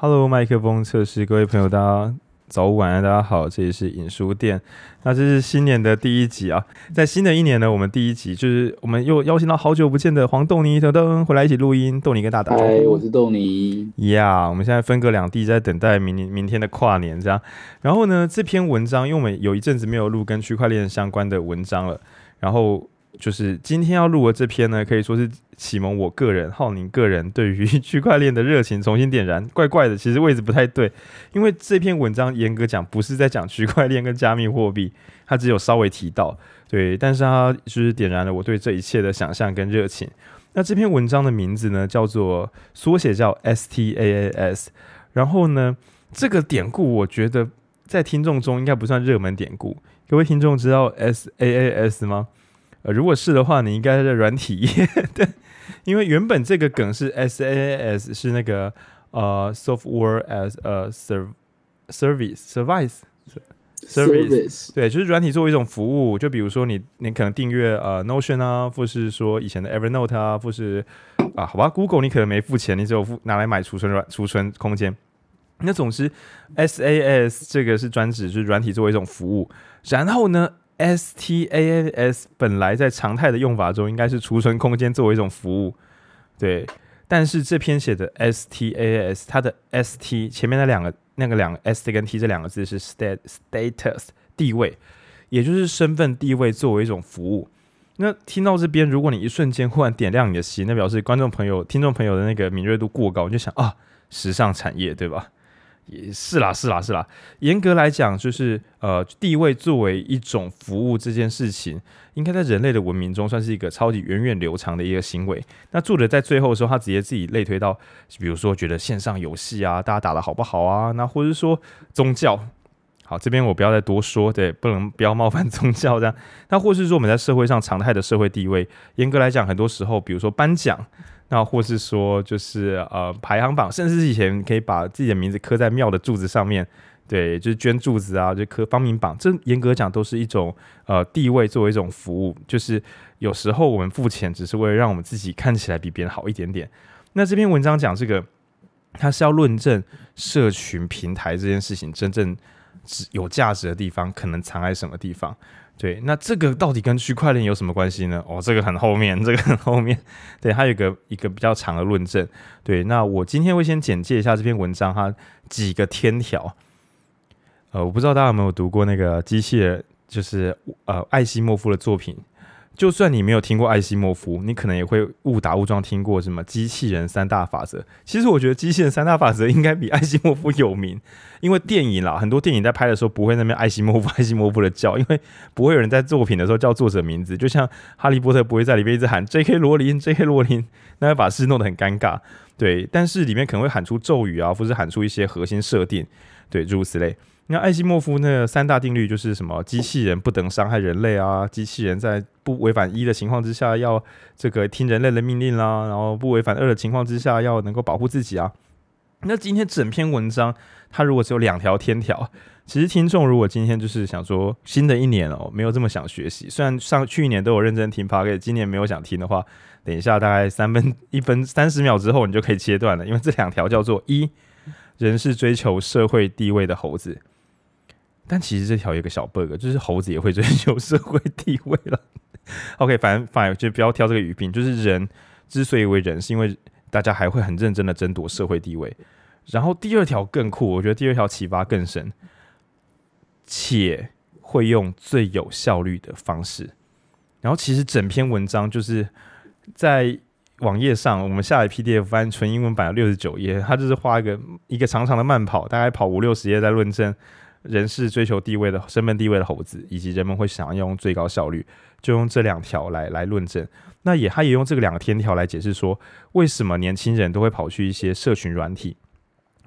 Hello，麥克風測試，各位朋友，大家早晚安、啊，大家好，這裡是引書店。那這是新年的第一集啊，在新的一年呢，我們第一集就是我們又邀請到好久不見的黃豆泥等等回來一起錄音，豆泥跟大家。哎，我是豆泥。呀，yeah, 我們現在分隔兩地，在等待明年明天的跨年這樣。然後呢，這篇文章，因為我們有一陣子沒有錄跟區塊鏈相關的文章了，然後。就是今天要錄的這篇呢，可以說是啟蒙我個人、浩寧個人對於區塊鏈的熱情重新點燃。怪怪的，其實位置不太對，因為這篇文章嚴格講不是在講區塊鏈跟加密貨幣，它只有稍微提到對，但是它就是點燃了我對這一切的想象跟熱情。那這篇文章的名字呢，叫做縮寫叫 S T A A S，然後呢，這個典故我覺得在聽眾中應該不算熱門典故。各位聽眾知道 S A A S 嗎？呃、如果是的話，你應該在軟體。對，因為原本這個梗是 SaaS 是那個呃 Software as a Serv Service Service Service 對，就是軟體作為一種服務。就比如說你你可能訂閱呃 Notion 啊，或是說以前的 Evernote 啊，或是啊好吧 Google 你可能沒付錢，你只有付拿來買儲存軟儲存空間。那總之 SaaS 這個是專指就是軟體作為一種服務。然後呢？S T A S 本來在常態的用法中應該是儲存空間作為一種服務，對。但是這篇寫的 S T A S，它的 S T 前面那兩個那個兩個 S T 跟 T 這兩個字是 status status 地位，也就是身份地位作為一種服務。那聽到這邊，如果你一瞬間忽然點亮你的心，那表示觀眾朋友、聽眾朋友的那個敏銳度過高，你就想啊、哦，時尚產業，對吧？也是啦是啦是啦，嚴格來講，就是呃地位作為一種服務這件事情，應該在人類的文明中算是一個超級源遠流長的一個行為。那作者在最後的時候，他直接自己類推到，比如說覺得線上遊戲啊，大家打得好不好啊，那或者說宗教，好，這邊我不要再多說，對，不能不要冒犯宗教這樣，那或是說我們在社會上常態的社會地位，嚴格來講，很多時候，比如說頒獎。那或是說，就是呃，排行榜，甚至是以前可以把自己的名字刻在廟的柱子上面，對，就是捐柱子啊，就刻芳名榜。這嚴格講，都是一種呃地位作為一種服務，就是有時候我們付錢，只是為了讓我們自己看起來比別人好一點點。那這篇文章講這個，它是要論證社群平台這件事情真正。有價值的地方可能藏在什麼地方？對，那這個到底跟區塊鏈有什麼關係呢？哦，這個很後面，這個很後面，對，還有一個一個比較長的論證。對，那我今天會先簡介一下這篇文章哈，幾個天條。呃，我不知道大家有沒有讀過那個機械，就是呃艾希莫夫的作品。就算你沒有聽過艾西莫夫，你可能也會誤打誤撞聽過什麼機器人三大法則。其實我覺得機器人三大法則應該比艾西莫夫有名，因為電影啦，很多電影在拍的時候不會那邊艾西莫夫、艾西莫夫的叫，因為不會有人在作品的時候叫作者名字。就像哈利波特不會在裡面一直喊 J.K. 羅琳、J.K. 羅琳，那會把事弄得很尷尬。對，但是裡面可能會喊出咒語啊，或是喊出一些核心設定，對，諸如此類。那艾西莫夫那三大定律就是什麼？機器人不能傷害人類啊，機器人在不違反一的情況之下要這個聽人類的命令啦、啊，然後不違反二的情況之下要能夠保護自己啊。那今天整篇文章它如果只有兩條天條，其實聽眾如果今天就是想說新的一年哦、喔，沒有這麼想學習，雖然上去年都有認真聽 p 給今年沒有想聽的話，等一下大概三分一分三十秒之後你就可以切斷了，因為這兩條叫做一，人是追求社會地位的猴子。但其實這條有一個小 bug，就是猴子也會追求社會地位了。 OK，反正反正就不要挑這個語病，就是人之所以為人，是因為大家還會很認真的爭奪社會地位。然後第二條更酷，我覺得第二條啟發更深，且會用最有效率的方式。然後其實整篇文章就是在網頁上，我們下載 PDF 翻，純英文版的六十九頁，它就是畫一個一個長長的慢跑，大概跑五六十頁在論證。人是追求地位的身份地位的猴子，以及人們會想要用最高效率，就用這兩條來來論證。那也，他也用這個兩個天條來解釋說，為什麼年輕人都會跑去一些社群軟體，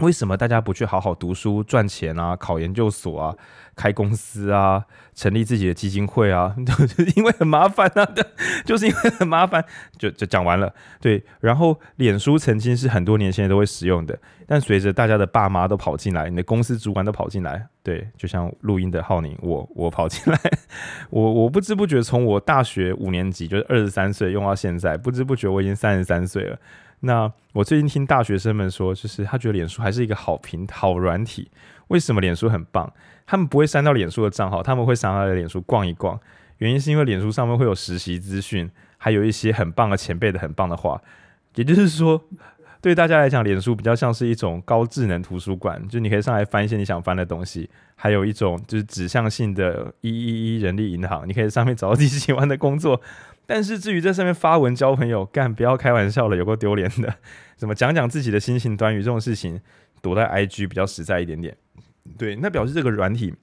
為什麼大家不去好好讀書、賺錢啊、考研究所啊、開公司啊、成立自己的基金會啊？就是、因為很麻煩啊，對，就是因為很麻煩，就就講完了。對，然後臉書曾經是很多年輕人都會使用的，但隨着大家的爸媽都跑進來，你的公司主管都跑進來，對，就像錄音的浩寧，我我跑進來，我我不知不覺從我大學五年級就是二十三歲用到現在，不知不覺我已經三十三歲了。那我最近聽大學生們說，就是他覺得臉書還是一個好平台、好軟體。為什麼臉書很棒？他們不會刪掉臉書的賬號，他們會上來臉書逛一逛。原因是因為臉書上面會有實習資訊，還有一些很棒的前輩的很棒的話。也就是說，對大家來講，臉書比較像是一種高智能圖書館，就是你可以上來翻一些你想翻的東西，還有一種就是指向性的一一一人力銀行，你可以在上面找到自己喜歡的工作。但是至於在上面發文交朋友，幹，不要開玩笑了，有夠丟臉的。怎麼講講自己的心情短語這種事情，躲在 IG 比較實在一點點。對，那表示這個軟體、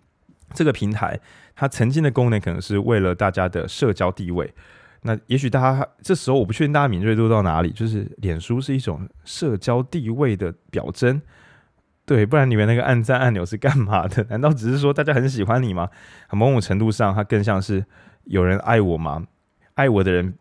這個平台，它曾經的功能可能是為了大家的社交地位。那也許大家這時候我不確定大家敏銳度到哪裡，就是臉書是一種社交地位的表徵。對，不然裡面那個按讚按鈕是幹嘛的？難道只是說大家很喜歡你嗎？某種程度上，它更像是有人愛我嗎？愛我的人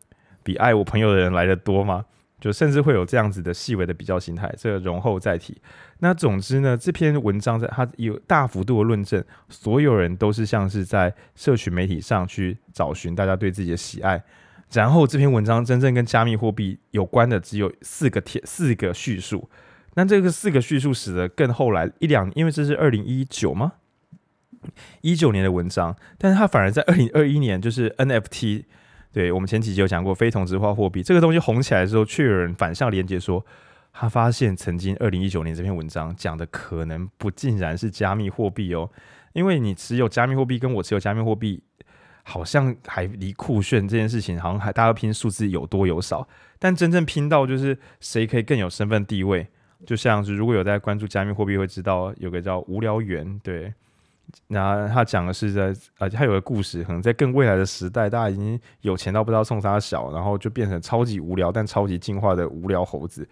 比愛我朋友的人來得多嗎？就甚至會有這樣子的細微的比較心態，這個容後再提。那總之呢，這篇文章在它有大幅度的論證，所有人都是像是在社群媒體上去找尋大家對自己的喜愛。然後這篇文章真正跟加密貨幣有關的只有四個帖四個敘述。那這個四個敘述使得更後來一兩年，因為這是二零一九嗎？一九年的文章，但是它反而在二零二一年就是 NFT。對，我們前幾集有講過非同質化貨幣，這個東西紅起來的時候，卻有人反向連結說，他發現曾經二零一九年這篇文章講的可能不盡然是加密貨幣哦，因為你持有加密貨幣跟我持有加密貨幣，好像還離酷炫這件事情好像還大家拼數字有多有少，但真正拼到就是誰可以更有身份地位，就像是如果有在關注加密貨幣會知道有個叫無聊猿，對。然後他講的是在，啊、呃，他有個故事，可能在更未來的時代，大家已經有錢到不知道衝三小，然後就變成超級無聊但超級進化的無聊猴子。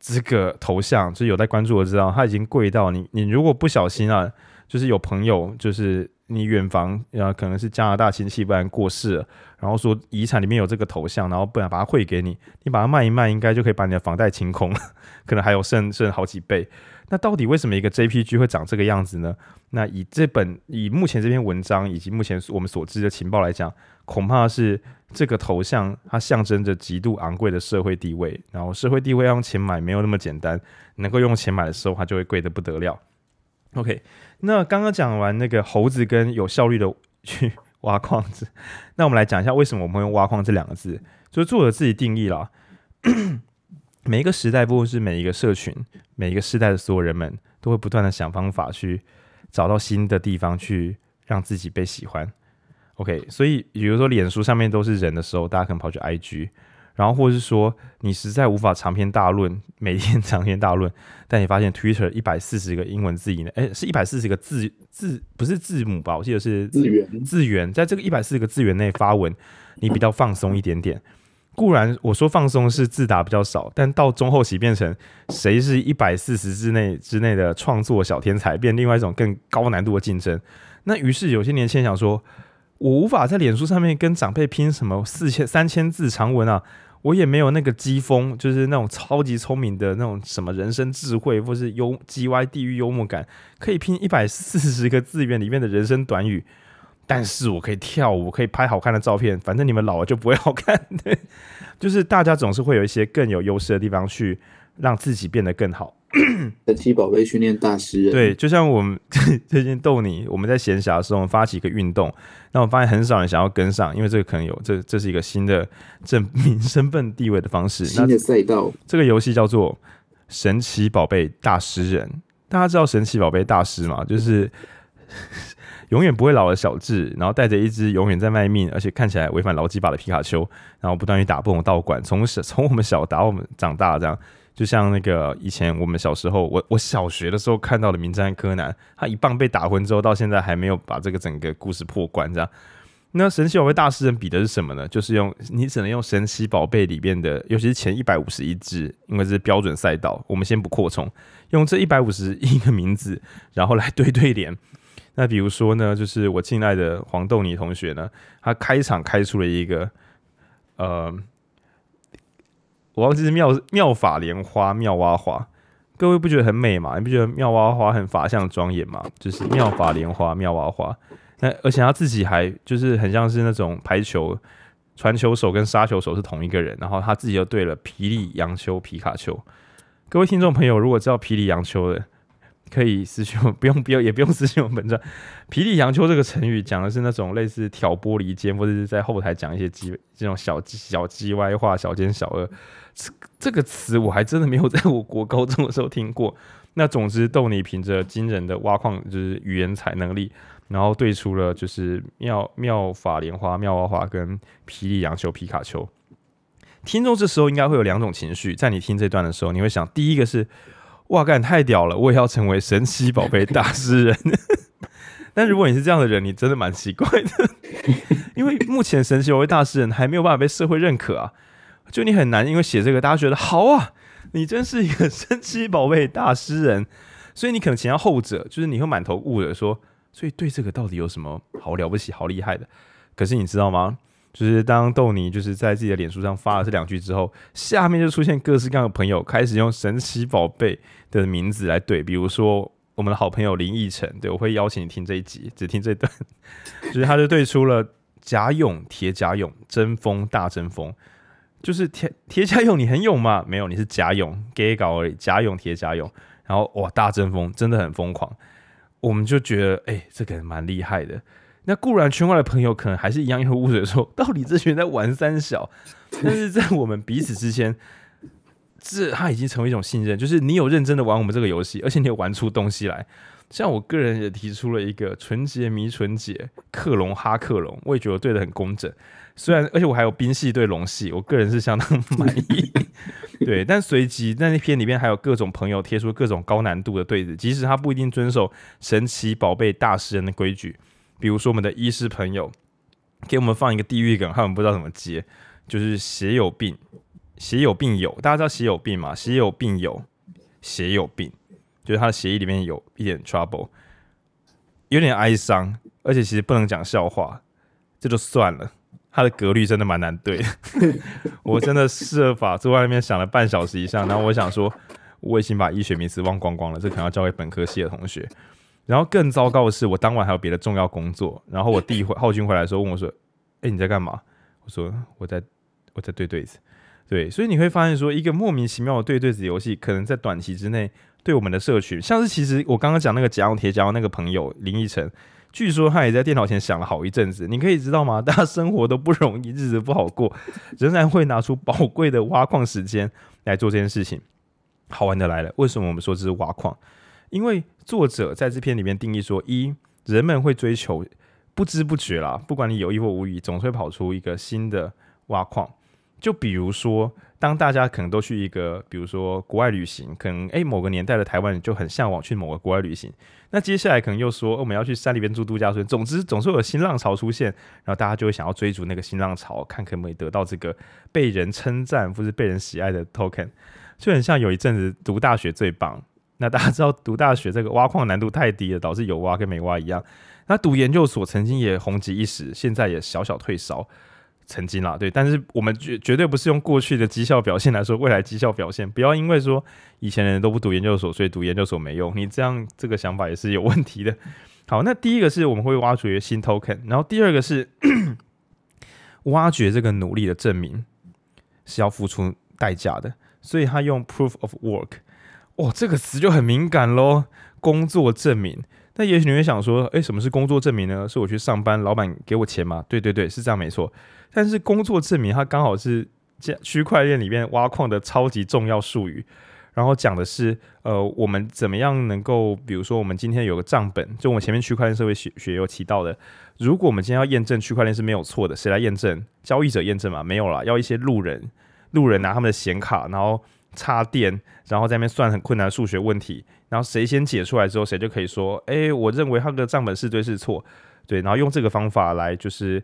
這個頭像就是有在關注的知道，他已經貴到你，你如果不小心啊，就是有朋友就是。你遠房呃，可能是加拿大親戚，不然過世了，然後說遺產裡面有這個頭像，然後不然把它匯給你，你把它賣一賣，應該就可以把你的房貸清空了，可能還有剩剩好幾倍。那到底為什麼一個 JPG 會長這個樣子呢？那以這本以目前這篇文章以及目前我們所知的情報來講，恐怕是這個頭像它象徵着極度昂貴的社會地位，然後社會地位要用錢買，沒有那麼簡單，能夠用錢買的時候，它就會貴的不得了。OK，那剛剛講完那個猴子跟有效率的去挖礦子，那我們來講一下為什麼我們會用挖礦這兩個字。就是作者自己定義了，每一個時代，不論是每一個社群，每一個時代的所有人們，都會不斷的想方法去找到新的地方去讓自己被喜歡。OK，所以比如說臉書上面都是人的時候，大家可能跑去 IG。然後，或是說你實在無法長篇大論，每天長篇大論，但你發現 Twitter 一百四十個英文字以內，誒，是一百四十個字，字不是字母吧？我記得是字，字元，字元在這個一百四十個字元內發文，你比較放鬆一點點。固然我說放鬆是字打比較少，但到中後期變成誰是一百四十字內之內的創作小天才，變另外一種更高難度的競爭。那於是有些年輕人想說，我無法在臉書上面跟長輩拼什麼四千三千字長文啊。我也沒有那個機鋒，就是那種超級聰明的那種什麼人生智慧，或是幽機歪地獄幽默感，可以拼一百四十個字元裡面的人生短語。但是我可以跳舞，我可以拍好看的照片。反正你們老了就不會好看。對，就是大家總是會有一些更有優勢的地方，去讓自己變得更好。神奇寶貝訓練大師，對，就像我們 最近逗你，我們在閒暇的時候，我們發起一個運動。但我發現很少人想要跟上，因為這個可能有這這是一個新的證明身份地位的方式。新的賽道，這個遊戲叫做《神奇寶貝大詩人》，大家知道《神奇寶貝大詩人》嘛？就是永遠不會老的小智，然後帶着一隻永遠在賣命而且看起來違反勞基法的皮卡丘，然後不斷於打不同道館，從小從我們小打我們長大這樣。就像那個以前我們小時候，我我小學的時候看到的名偵探柯南，他一棒被打昏之後，到現在還沒有把這個整個故事破關。這樣，那神奇寶貝大詩人比的是什麼呢？就是用你只能用神奇寶貝裡邊的，尤其是前一百五十一隻，因為這是標準賽道，我們先不擴充，用這一百五十一個名字，然後來對對聯。那比如說呢，就是我親愛的黃豆泥同學呢，他開場開出了一個，呃。我忘記是妙妙法蓮花妙蛙花，各位不覺得很美嗎？你不覺得妙蛙花很法相莊嚴嗎？就是妙法蓮花妙蛙花，那而且他自己還就是很像是那種排球傳球手跟殺球手是同一個人，然後他自己又對了皮裡陽秋皮卡丘。各位聽眾朋友，如果知道皮裡陽秋的，可以私信我，不用不用也不用私信我們，這皮裡陽秋這個成語講的是那種類似挑撥離間，或者是在後台講一些雞這種小小雞歪話，小奸小惡。這這個詞我還真的沒有在我國高中的時候聽過。那總之，豆泥憑着驚人的挖礦就是語言才能力，然後對出了就是妙妙法蓮花、妙蛙花跟霹靂洋球、皮卡丘。聽眾這時候應該會有兩種情緒，在你聽這段的時候，你會想第一個是哇，幹太屌了，我也要成為神奇寶貝大詩人。 但如果你是這樣的人，你真的蠻奇怪的，因為目前神奇寶貝大詩人還沒有辦法被社會認可啊。就你很難，因為寫這個，大家覺得好啊，你真是一個神奇寶貝大詩人，所以你可能傾向後者，就是你會滿頭霧的說，所以對這個到底有什麼好了不起、好厲害的？可是你知道嗎？就是當豆泥就是在自己的臉書上發了這兩句之後，下面就出現各式各樣的朋友開始用神奇寶貝的名字來對。比如說我們的好朋友林奕晨，對我會邀請你聽這一集，只聽這段，就是他就對出了假勇、鐵甲蛹、真瘋、大針蜂。就是鐵鐵甲蛹，甲蛹你很勇嗎？沒有，你是假勇，gay 搞而已。假勇鐵甲蛹，然後哇，大針蜂，真的很瘋狂。我們就覺得，哎、欸，這個人蠻厲害的。那固然圈外的朋友可能還是一樣一頭霧水說，說到底這群人在玩三小。但是在我們彼此之間，這他已經成為一種信任，就是你有認真的玩我們這個遊戲，而且你有玩出東西來。像我個人也提出了一個純潔迷純潔克隆哈克隆，我也覺得對得很工整。雖然，而且我還有冰系對龍系，我個人是相當滿意。 對，但隨即在那篇裡面還有各種朋友貼出各種高難度的對子，即使他不一定遵守《神奇寶貝大詩人》的規矩。比如說，我們的醫師朋友給我們放一個地獄梗，他們不知道怎麼接，就是“血有病，血有病友”。大家知道“血有病”嘛，“血有病友”，“血有病”，就是他的協議裡面有一點 trouble，有點哀傷，而且其實不能講笑話，這就算了。它的格律真的蠻難對，我真的設法坐在外面想了半小時以上，然後我想說，我已經把醫學名詞忘光光了，這可能要交給本科系的同學。然後更糟糕的是，我當晚還有別的重要工作。然後我弟回浩軍回來的時候問我說：“哎，你在幹嘛？”我說：“我在，我在對對子。”對，所以你會發現說，一個莫名其妙的對對子遊戲，可能在短期之內對我們的社群，像是其實我剛剛講那個甲蛹貼，鐵甲蛹那個朋友林奕晨。據說他也在電腦前想了好一陣子，你可以知道嗎？大家生活都不容易，日子不好過，仍然會拿出寶貴的挖礦時間來做這件事情。好玩的來了，為什麼我們說這是挖礦？因為作者在這篇裡面定義說：一、人們會追求不知不覺啦，不管你有意或無意，總會跑出一個新的挖礦。就比如說，當大家可能都去一個，比如說國外旅行，可能哎、欸、某個年代的台灣就很向往去某個國外旅行。那接下來可能又說、哦、我們要去山裡邊住度假村，總之總是有新浪潮出現，然後大家就會想要追逐那個新浪潮，看可不可以得到這個被人稱讚或者被人喜愛的 token。就很像有一陣子讀大學最棒，那大家知道讀大學這個挖礦難度太低了，導致有挖跟沒挖一樣。那讀研究所曾經也紅極一時，現在也小小退燒。曾經啦，對，但是我們絕絕對不是用過去的績效表現來說未來績效表現。不要因為說以前的人都不讀研究所，所以讀研究所沒用。你這樣這個想法也是有問題的。好，那第一個是我們會挖掘新 token，然後第二個是 挖掘這個努力的證明是要付出代價的，所以他用 proof of work。哦，這個詞就很敏感咯，工作證明。那也許你會想說，誒、欸，什麼是工作證明呢？是我去上班，老闆給我錢嗎？對對對，是這樣沒錯。但是工作證明它剛好是區塊鏈裡面挖礦的超級重要術語，然後講的是，呃，我們怎麼樣能夠，比如說我們今天有個賬本，就我們前面區塊鏈社會學學有提到的，如果我們今天要驗證區塊鏈是沒有錯的，誰來驗證？交易者驗證嘛？沒有啦，要一些路人，路人拿他們的顯卡，然後。插電，然後在那邊算很困難的數學問題，然後誰先解出來之後，誰就可以說，誒、欸，我認為他的賬本是對是錯，對，然後用這個方法來就是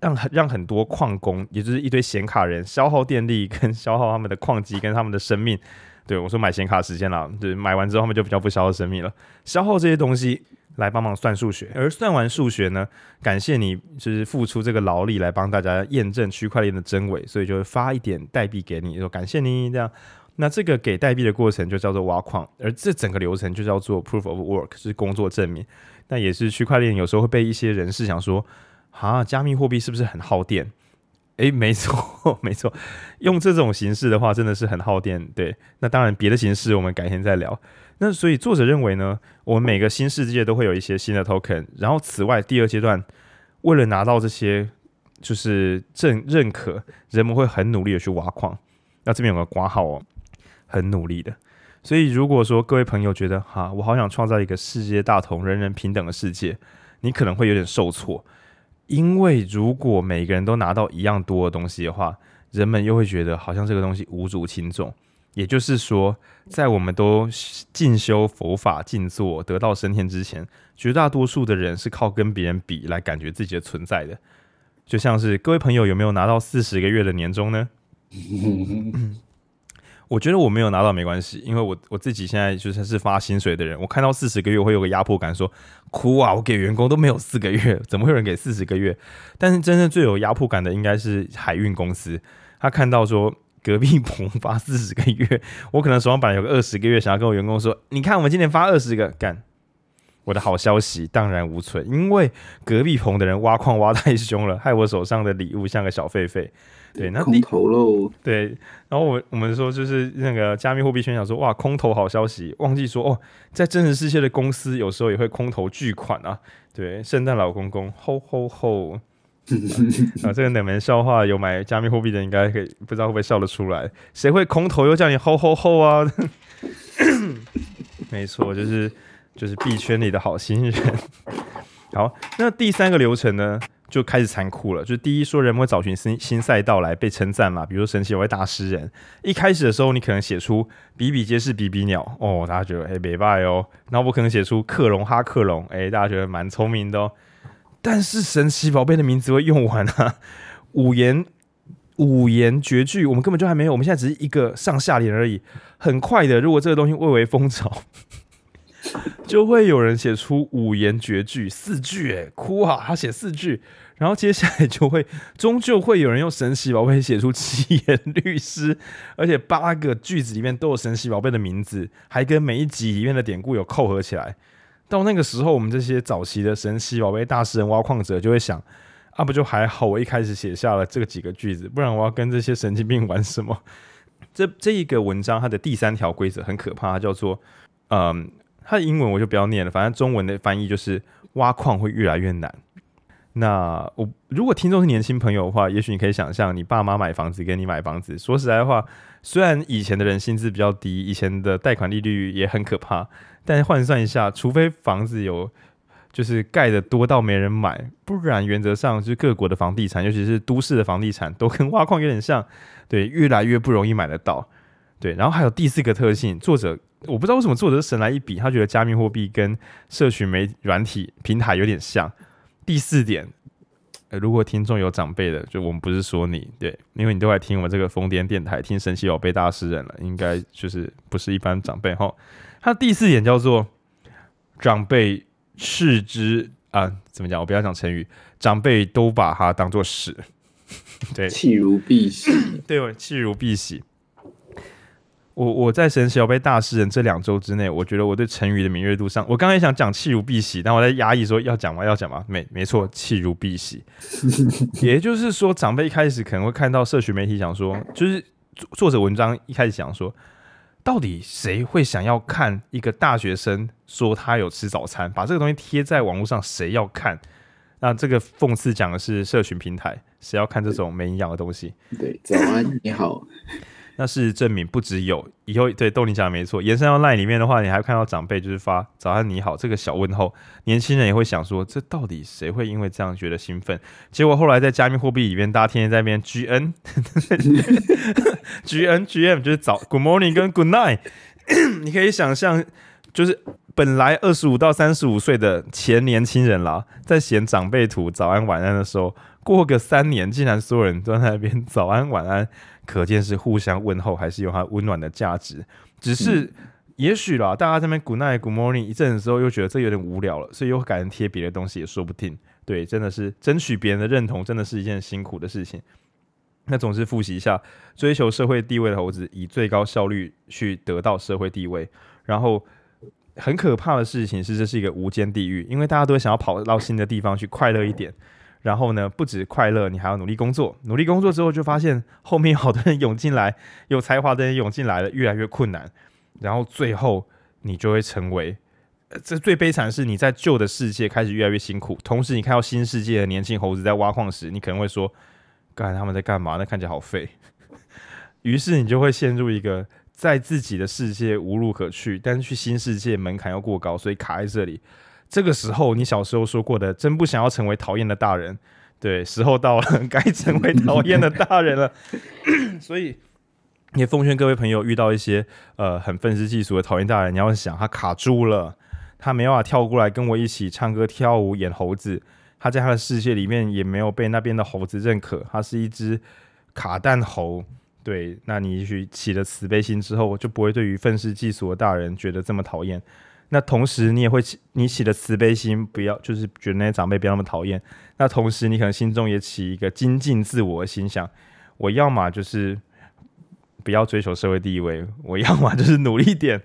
讓讓很多礦工，也就是一堆顯卡人消耗電力跟消耗他們的礦機跟他們的生命，對，我說買顯卡時間了，對、就是，買完之後他們就比較不消耗生命了，消耗這些東西。來幫忙算數學，而算完數學呢，感謝你就是付出這個勞力來幫大家驗證區塊鏈的真偽，所以就發一點代幣給你，就說感謝你這樣。那這個給代幣的過程就叫做挖礦，而這整個流程就叫做 proof of work，是工作證明。那也是區塊鏈有時候會被一些人士想說，啊，加密貨幣是不是很耗電？誒，沒錯沒錯，用這種形式的話真的是很耗電。對，那當然別的形式我們改天再聊。那所以作者認為呢，我們每個新世界都會有一些新的 token，然後此外第二階段，為了拿到這些，就是正認可，人們會很努力的去挖礦。那這邊有個括號哦，很努力的。所以如果說各位朋友覺得哈、啊，我好想創造一個世界大同、人人平等的世界，你可能會有點受挫，因為如果每個人都拿到一樣多的東西的話，人們又會覺得好像這個東西無足輕重。也就是說，在我們都進修佛法、靜坐、得道升天之前，絕大多數的人是靠跟別人比來感覺自己的存在的。就像是各位朋友有沒有拿到四十個月的年終呢？ 我覺得我沒有拿到沒關係，因為我我自己現在就算是，是發薪水的人，我看到四十個月我會有個壓迫感說，說哭啊，我給員工都沒有四個月，怎麼會有人給四十個月？但是真正最有壓迫感的應該是海運公司，他看到說。隔壁棚發四十個月，我可能手上本來有個二十個月，想要跟我員工說，你看我們今年發二十個，幹，我的好消息蕩然無存，因為隔壁棚的人挖礦挖太兇了，害我手上的禮物像個小狒狒。對，那空投嘍。對，然後我我們說就是那個加密貨幣圈想說，哇，空投好消息，忘記說哦，在真實世界的公司有時候也會空投巨款啊。對，聖誕老公公，吼吼吼。啊，這個冷門笑話，有買加密貨幣的應該可以，不知道會不會笑得出來。誰會空投又叫你吼吼吼啊？ 沒錯，就是就是幣圈裡的好心人。好，那第三個流程呢，就開始殘酷了。就是、第一，說人們會找尋新新賽道來被稱讚嘛，比如神奇寶貝大詩人。一開始的時候，你可能寫出比比皆是比比鳥哦，大家覺得哎、欸，沒辦法哦。然那我可能寫出克隆哈克隆，哎、欸，大家覺得蠻聰明的、哦。但是神奇寶貝的名字會用完啊！五言五言絕句，我們根本就還沒有，我們現在只是一個上下聯而已。很快的，如果這個東西蔚為風潮， 就會有人寫出五言絕句四句、欸。哭啊！他寫四句，然後接下來就會，終究會有人用神奇寶貝寫出七言律詩，而且八個句子裡面都有神奇寶貝的名字，還跟每一集裡面的典故有扣合起來。到那個時候，我們這些早期的神奇寶貝大詩人挖礦者就會想：啊，不就還好，我一開始寫下了這個幾個句子，不然我要跟這些神經病玩什麼？這這一個文章它的第三條規則很可怕，叫做……嗯，它的英文我就不要念了，反正中文的翻譯就是挖礦會越來越難。那我如果聽眾是年輕朋友的話，也許你可以想象，你爸媽買房子給你買房子。說實在的話，雖然以前的人薪資比較低，以前的貸款利率也很可怕。但是換算一下，除非房子有就是蓋的多到沒人買，不然原則上就是各國的房地產，尤其是都市的房地產，都跟挖礦有點像。對，越來越不容易買得到。對，然後還有第四個特性，作者我不知道為什麼作者神來一筆，他覺得加密貨幣跟社群媒軟體平台有點像。第四點，呃，如果聽眾有長輩的，就我們不是說你對，因為你都在聽我們這個瘋癲電台，聽神奇寶貝大詩人了，應該就是不是一般長輩吼。它第四點叫做長輩視之啊，怎麼講？我不要講成語，長輩都把它當做屎。對，棄如敝屣。 對，棄如敝屣。我我在神奇寶貝大詩人這兩周之內，我覺得我對成語的敏銳度上，我剛才想講棄如敝屣，但我在壓抑說，要講嗎？要講嗎？沒沒錯，棄如敝屣。 也就是說，長輩一開始可能會看到社群媒體，想說就是作者文章一開始想說。到底誰會想要看一個大學生說他有吃早餐，把這個東西貼在網絡上？誰要看？那這個諷刺講的是社群平台，誰要看這種沒營養的東西？對，對，早安，你好。 那事實證明不只有以後對豆你講的沒錯，延伸到 LINE 裡面的話，你還看到長輩就是發早安你好這個小問候，年輕人也會想說，這到底誰會因為這樣覺得興奮？結果後來在加密貨幣裡面，大家天天在那邊 G N G N G M，就是早 good morning 跟 good night， 你可以想象，就是本來二十五到三十五歲的前年輕人啦，在嫌長輩圖早安晚安的時候。過個三年，竟然所有人都在那邊早安晚安，可見是互相問候，還是有它溫暖的價值。只是、嗯、也許啦，大家這邊 Good Night Good Morning 一陣子之後，又覺得這有點無聊了，所以又改成貼別的東西也說不定。對，真的是爭取別人的認同，真的是一件辛苦的事情。那總之複習一下，追求社會地位的猴子，以最高效率去得到社會地位。然後很可怕的事情是，這是一個無間地獄，因為大家都想要跑到新的地方去快樂一點。嗯然後呢，不止快樂，你還要努力工作。努力工作之後，就發現後面好多人湧進來，有才華的人湧進來了，越來越困難。然後最後你就會成為、呃，這最悲慘的是你在舊的世界開始越來越辛苦，同時你看到新世界的年輕猴子在挖礦時，你可能會說，剛才他們在幹嘛？那看起來好廢。 於是你就會陷入一個在自己的世界無路可去，但是去新世界門檻又過高，所以卡在這裡。這個時候，你小時候說過的“真不想要成為討厭的大人”，對，時候到了，該成為討厭的大人了。 所以，也奉勸各位朋友，遇到一些呃很憤世嫉俗的討厭大人，你要想，他卡住了，他沒辦法跳過來跟我一起唱歌、跳舞、演猴子。他在他的世界裡面也沒有被那邊的猴子認可，他是一隻卡蛋猴。對，那你去起了慈悲心之後，就不會對於憤世嫉俗的大人覺得這麼討厭。那同時，你也會起你起的慈悲心，不要就是覺得那些長輩不要那麼討厭。那同時，你可能心中也起一個精進自我的心想，我要麼就是不要追求社會地位，我要麼就是努力一點，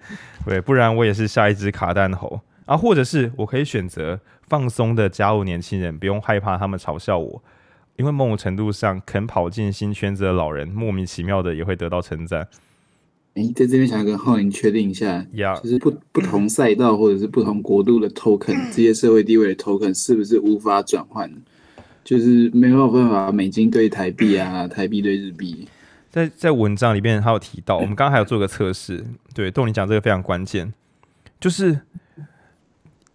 對，不然我也是下一隻卡蛋猴。啊，或者是我可以選擇放鬆的加入年輕人，不用害怕他們嘲笑我，因為某種程度上，肯跑進新圈子的老人，莫名其妙的也會得到稱讚。欸、在這邊想要跟浩林確定一下，Yeah. 就是不不同賽道或者是不同國度的 token 這些社會地位的 token 是不是無法轉換？就是沒有辦法美金對台幣啊，嗯、台幣對日幣。在在文章裡面還有提到，我們剛剛還有做個測試， 對，豆泥講這個非常關鍵，就是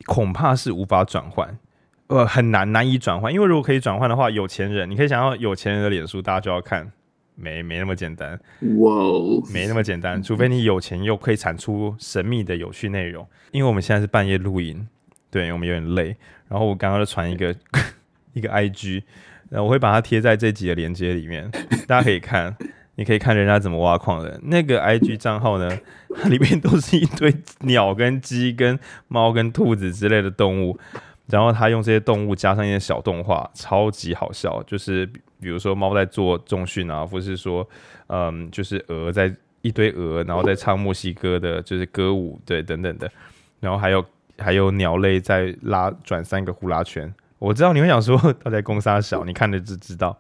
恐怕是無法轉換，呃，很難難以轉換，因為如果可以轉換的話，有錢人你可以想要有錢人的臉書，大家就要看。沒沒那麼簡單，哇哦！沒那麼簡單，除非你有錢又可以產出神秘的有趣內容。因為我們現在是半夜露營，對，我們有點累。然後我剛剛就傳一個一個 IG，然後我會把它貼在這集的鏈接裡面，大家可以看。 你可以看人家怎麼挖礦的。那個 IG 賬號呢，它裡面都是一堆鳥跟雞跟貓跟兔子之類的動物，然後他用這些動物加上一些小動畫，超級好笑，就是。比如說貓在做重訓啊，或是說，嗯，就是鵝在一堆鵝，然後在唱墨西哥的，就是歌舞，對，等等的。然後還有還有鳥類在拉轉三個呼啦圈。我知道你會想說他在攻沙小，你看了就知道。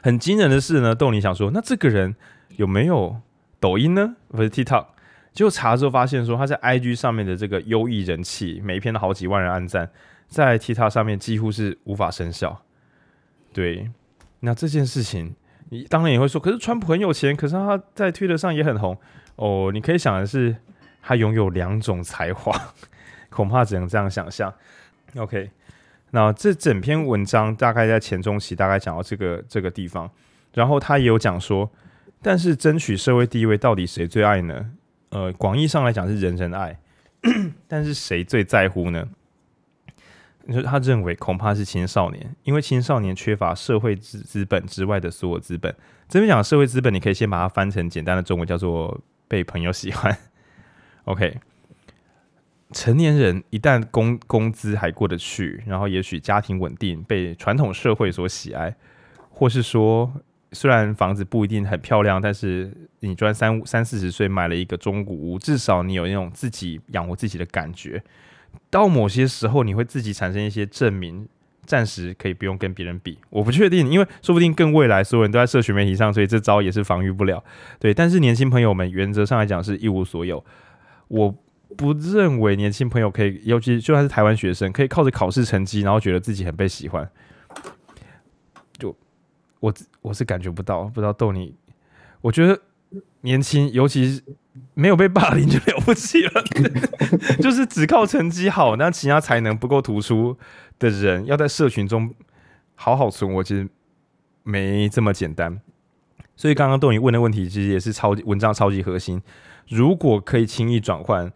很驚人的是呢，豆泥你想說，那這個人有沒有抖音呢？不是 TikTok，結果查的時候發現說，他在 IG 上面的這個優異人氣，每一篇的好幾萬人按讚，在 TikTok 上面幾乎是無法生效。對。那這件事情，你當然也會說，可是川普很有錢，可是他在推特上也很紅哦。你可以想的是，他擁有兩種才華，恐怕只能這樣想象。OK，那這整篇文章大概在前中期大概講到這個這個地方，然後他也有講說，但是爭取社會地位到底誰最愛呢？呃，廣義上來講是人人愛， 但是誰最在乎呢？就是他認為恐怕是青少年，因為青少年缺乏社會資本之外的所有資本。這邊講社會資本，你可以先把它翻成簡單的中文，叫做被朋友喜歡。OK，成年人一旦工工資還過得去，然後也許家庭穩定，被傳統社會所喜愛，或是說雖然房子不一定很漂亮，但是你賺三三四十歲買了一個中古屋，至少你有那種自己養活自己的感覺。到某些時候，你會自己產生一些證明，暫時可以不用跟別人比。我不確定，因為說不定更未來所有人都在社群媒體上，所以這招也是防禦不了。對，但是年輕朋友們，原則上來講是一無所有。我不認為年輕朋友可以，尤其就算是台灣學生，可以靠着考試成績，然後覺得自己很被喜歡。就我我是感覺不到，不知道豆泥。我覺得。年輕，尤其沒有被霸凌就了不起了， 就是只靠成績好，那其他才能不夠突出的人，要在社群中好好存活，我其實沒這麼簡單。所以剛剛豆泥問的問題，其實也是超級文章超級核心。如果可以輕易轉換。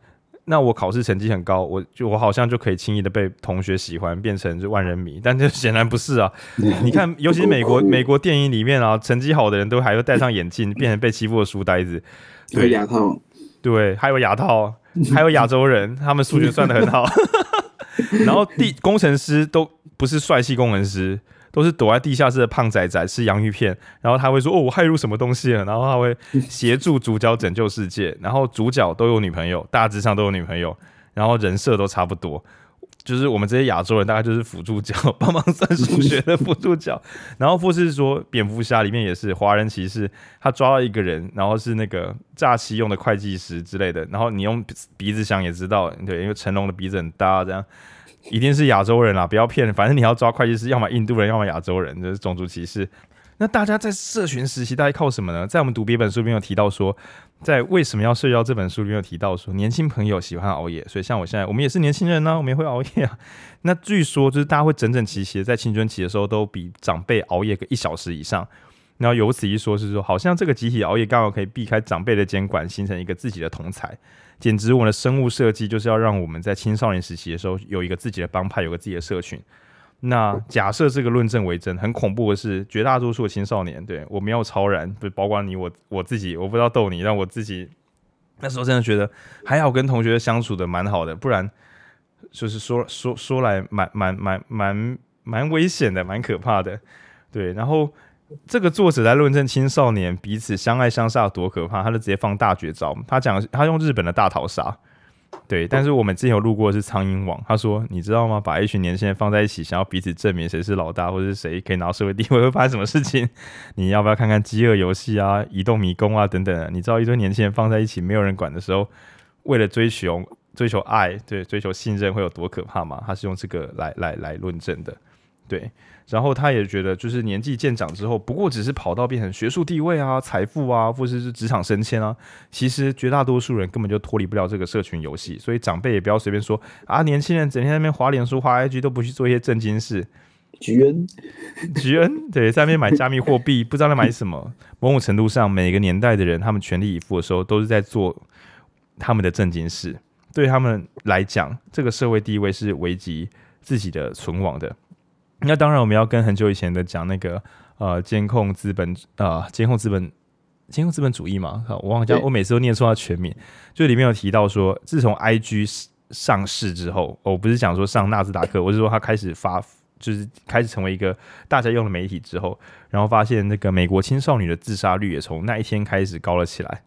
那我考試成績很高，我就我好像就可以輕易的被同學喜歡，變成就萬人迷，但這顯然不是啊。 你看，尤其是美國美國電影裡面啊，成績好的人都還會戴上眼鏡，變成被欺負的書呆子。對，牙套，對，還有牙套，還有亞洲人， 他們數學算得很好， 然後第工程師都不是帥氣工程師。都是躲在地下室的胖仔仔吃洋芋片。然後他會說哦，我駭入什麼東西了，然後他會協助主角拯救世界，然後主角都有女朋友，大致上都有女朋友，然後人設都差不多，就是我們這些亞洲人，大概就是輔助角，幫忙算數學的輔助角。然後富士說蝙蝠俠裡面也是華人騎士，他抓到一個人，然後是那個詐欺用的會計師之類的，然後你用鼻子想也知道。對，因為成龍的鼻子很大，這樣。一定是亞洲人啦、啊，不要騙！反正你要抓會計師，要麼印度人，要麼亞洲人。這，就是種族歧視。那大家在社群時期，大家靠什麼呢？在我們讀別本書，裡面有提到說，在《為什麼要社交》這本書裡面有提到說，年輕朋友喜歡熬夜，所以像我現在，我們也是年輕人呢、啊，我們也會熬夜啊。那據說就是大家會整整齊齊在青春期的時候，都比長輩熬夜個一小時以上。然後由此一說，是說好像這個集體熬夜剛好可以避開長輩的監管，形成一個自己的同儕。簡直，我們的生物設計就是要讓我們在青少年時期的時候有一個自己的幫派，有一個自己的社群。那假設這個論證為真，很恐怖的是，絕大多數的青少年對我沒有超然，不是包括你，我我自己，我不知道豆泥，但我自己那時候真的覺得還好，跟同學相處的蠻好的，不然就是說說說來蠻蠻蠻蠻蠻危險的，蠻可怕的。對，然後。這個作者在論證青少年彼此相愛相殺有多可怕，他就直接放大絕招。他講，他用日本的大逃殺，對，但是我們之前有路過的是蒼蠅王。他說，你知道嗎？把一群年輕人放在一起，想要彼此證明誰是老大，或者誰可以拿社會地位，會發生什麼事情？你要不要看看飢餓遊戲啊、移動迷宮啊等等啊？你知道一堆年輕人放在一起，沒有人管的時候，為了追求追求愛，對，追求信任會有多可怕嗎？他是用這個來來來論證的。對，然後他也覺得，就是年紀漸長之後，不過只是跑道變成學術地位啊、財富啊，或者是職場升遷啊。其實絕大多數人根本就脫離不了這個社群遊戲，所以長輩也不要隨便說啊，年輕人整天在那邊滑臉書、滑 IG 都不去做一些正經事，舉恩舉恩，N, 對，在那邊買加密貨幣， 不知道在買什麼。某種程度上，每個年代的人，他們全力以赴的時候，都是在做他們的正經事。對他們來講，這個社會地位是危及自己的存亡的。那當然，我們要跟很久以前的講那個呃，監控資本啊，監控資本，監控資本主義嘛。我忘記，我每次都念錯它的全名。對就裡面有提到說，自從 I G 上市之後，我不是講說上納斯達克，我是說它開始發，就是開始成為一個大家用的媒體之後，然後發現那個美國青少女的自殺率也從那一天開始高了起來。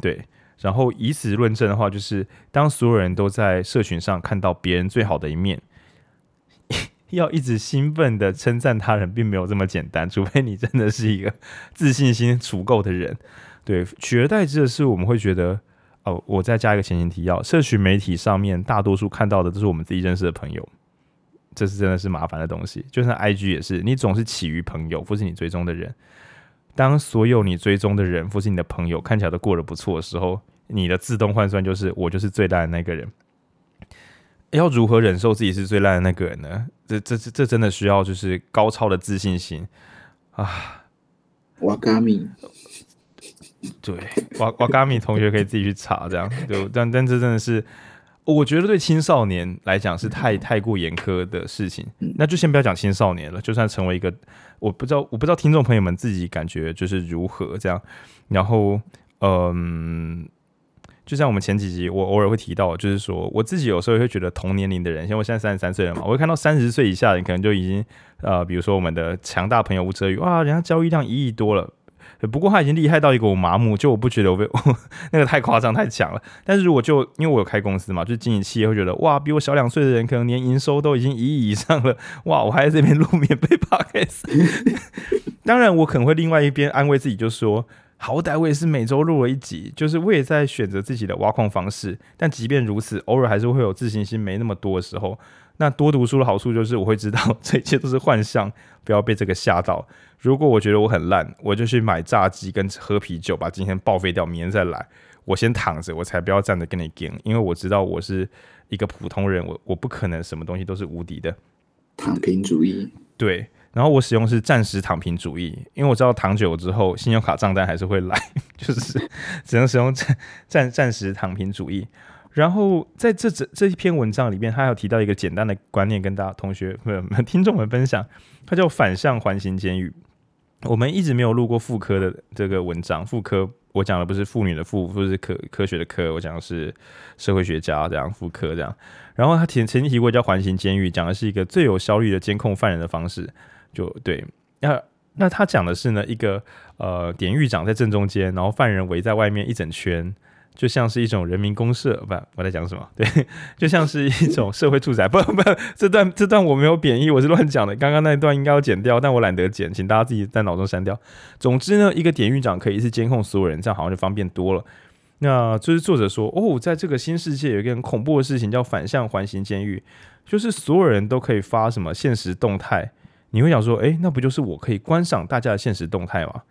對，然後以此論證的話，就是當所有人都在社群上看到別人最好的一面。要一直興奮地稱讚他人，並沒有這麼簡單，除非你真的是一個 自信心足夠的人。對，取而代之的是，我們會覺得哦，我再加一個前提，要，社群媒體上面大多數看到的都是我們自己認識的朋友，這是真的是麻煩的東西。就像 I G 也是，你總是起於朋友或是你追蹤的人。當所有你追蹤的人或是你的朋友看起來都過得不錯的時候，你的自動換算就是我就是最爛的那個人。欸，要如何忍受自己是最爛的那個人呢？這這這真的需要就是高超的自信心啊！瓦嘎米，對，瓦瓦嘎米同學可以自己去查，這樣。 對，但但這真的是，我覺得對青少年來講是太 太，太過嚴苛的事情。那就先不要講青少年了，就算成為一個，我不知道，我不知道聽眾朋友們自己感覺就是如何這樣。然後，嗯。就像我們前幾集，我偶爾會提到，就是說我自己有時候也會覺得同年齡的人，像我現在三十三歲了嘛，我會看到三十歲以下的人可能就已經，呃，比如說我們的強大的朋友吳哲宇，哇，人家交易量一億多了，不過他已經厲害到一個我麻木，就我不覺得我被我，那個太誇張太強了。但是如果就因為我有開公司嘛，就經營企業會覺得，哇，比我小兩歲的人可能連營收都已經一億以上了，哇，我還在這邊露面被扒開。 當然，我可能會另外一邊安慰自己，就說。好歹我也是每週錄了一集，就是我也在選擇自己的挖礦方式。但即便如此，偶爾還是會有自信心沒那麼多的時候。那多讀書的好處就是，我會知道這一切都是幻象，不要被這個嚇到。如果我覺得我很爛，我就去買炸雞跟喝啤酒，把今天報廢掉，明天再來。我先躺着，我才不要站着跟你幹，因為我知道我是一個普通人，我我不可能什麼東西都是無敵的。躺平主義，對。然後我使用是暫時躺平主義，因為我知道躺久了之後，信用卡賬單還是會來，就是只能使用暫暫暫時躺平主義。然後在這這這一篇文章裡面，他還有提到一個簡單的觀念，跟大家同學們、聽眾們分享，他叫反向環形監獄。我們一直沒有錄過傅柯的這個文章，傅柯我講的不是婦女的婦，不是科科學的科，我講的是社會學家這樣傅柯這樣。然後他曾經提過叫環形監獄，講的是一個最有效率的監控犯人的方式。就對，那、啊、那他講的是呢，一個呃，典獄長在正中間，然後犯人圍在外面一整圈，就像是一種人民公社。不，我在講什麼？對，就像是一種社會住宅。不不，這段這段我沒有貶義，我是亂講的。剛剛那一段應該要剪掉，但我懶得剪，請大家自己在腦中刪掉。總之呢，一個典獄長可以一次監控所有人，這樣好像就方便多了。那就是作者說，哦，在這個新世界有一個很恐怖的事情，叫反向環形監獄，就是所有人都可以發什麼現實動態。你會想說，哎、欸，那不就是我可以觀賞大家的限時動態嗎？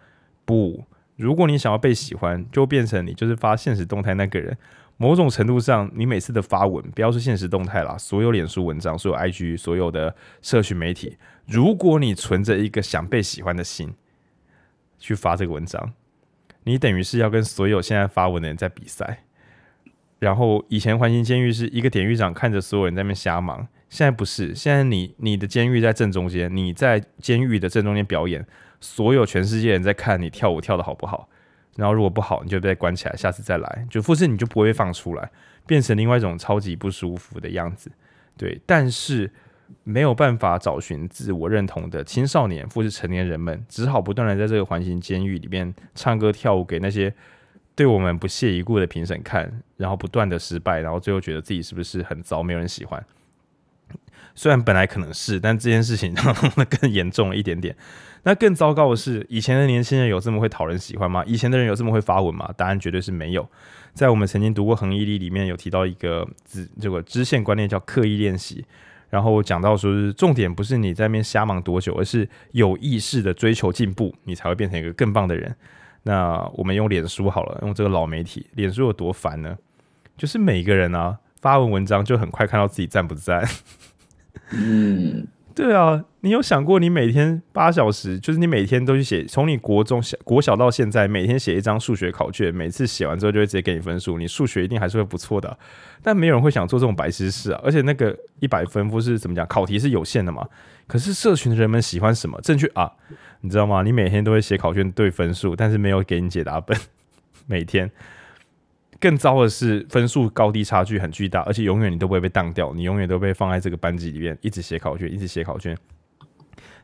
不，如果你想要被喜歡，就變成你就是發限時動態那個人。某種程度上，你每次的發文，不要是限時動態啦。所有臉書文章、所有 IG、所有的社群媒體，如果你存着一個想被喜歡的心去發這個文章，你等於是要跟所有現在發文的人在比賽。然後以前環形監獄是一個典獄長看着所有人在那邊瞎忙。現在不是，現在你你的監獄在正中間，你在監獄的正中間表演，所有全世界人在看你跳舞跳的好不好，然後如果不好，你就被關起來，下次再來，就複製你就不會放出來，變成另外一種超級不舒服的樣子，對，但是沒有辦法找尋自我認同的青少年或是成年人們，只好不斷的在這個環形監獄裡面唱歌跳舞給那些對我們不屑一顧的評審看，然後不斷的失敗，然後最後覺得自己是不是很糟，沒有人喜歡。雖然本來可能是，但這件事情讓它更嚴重了一點點。那更糟糕的是，以前的年輕人有這麼會討人喜歡嗎？以前的人有這麼會發文嗎？答案絕對是沒有。在我們曾經讀過《恆毅力》裡面有提到一個字，這個支線觀念，叫刻意練習。然後講到說，重點不是你在外面瞎忙多久，而是有意識的追求進步，你才會變成一個更棒的人。那我們用臉書好了，用這個老媒體，臉書有多煩呢？就是每個人啊發文文章，就很快看到自己讚不讚。嗯， 對啊，你有想過，你每天八小時，就是你每天都去寫，從你國中、國小到現在，每天寫一張數學考卷，每次寫完之後就會直接給你分數，你數學一定還是會不錯的啊。但沒有人會想做這種白痴事啊！而且那個一百分不是怎麼講，考題是有限的嘛。可是社群的人們喜歡什麼？正確啊，你知道嗎？你每天都會寫考卷對分數，但是沒有給你解答本，每天。更糟的是，分數高低差距很巨大，而且永遠你都不會被當掉，你永遠都被放在這個班級裡面，一直寫考卷，一直寫考卷，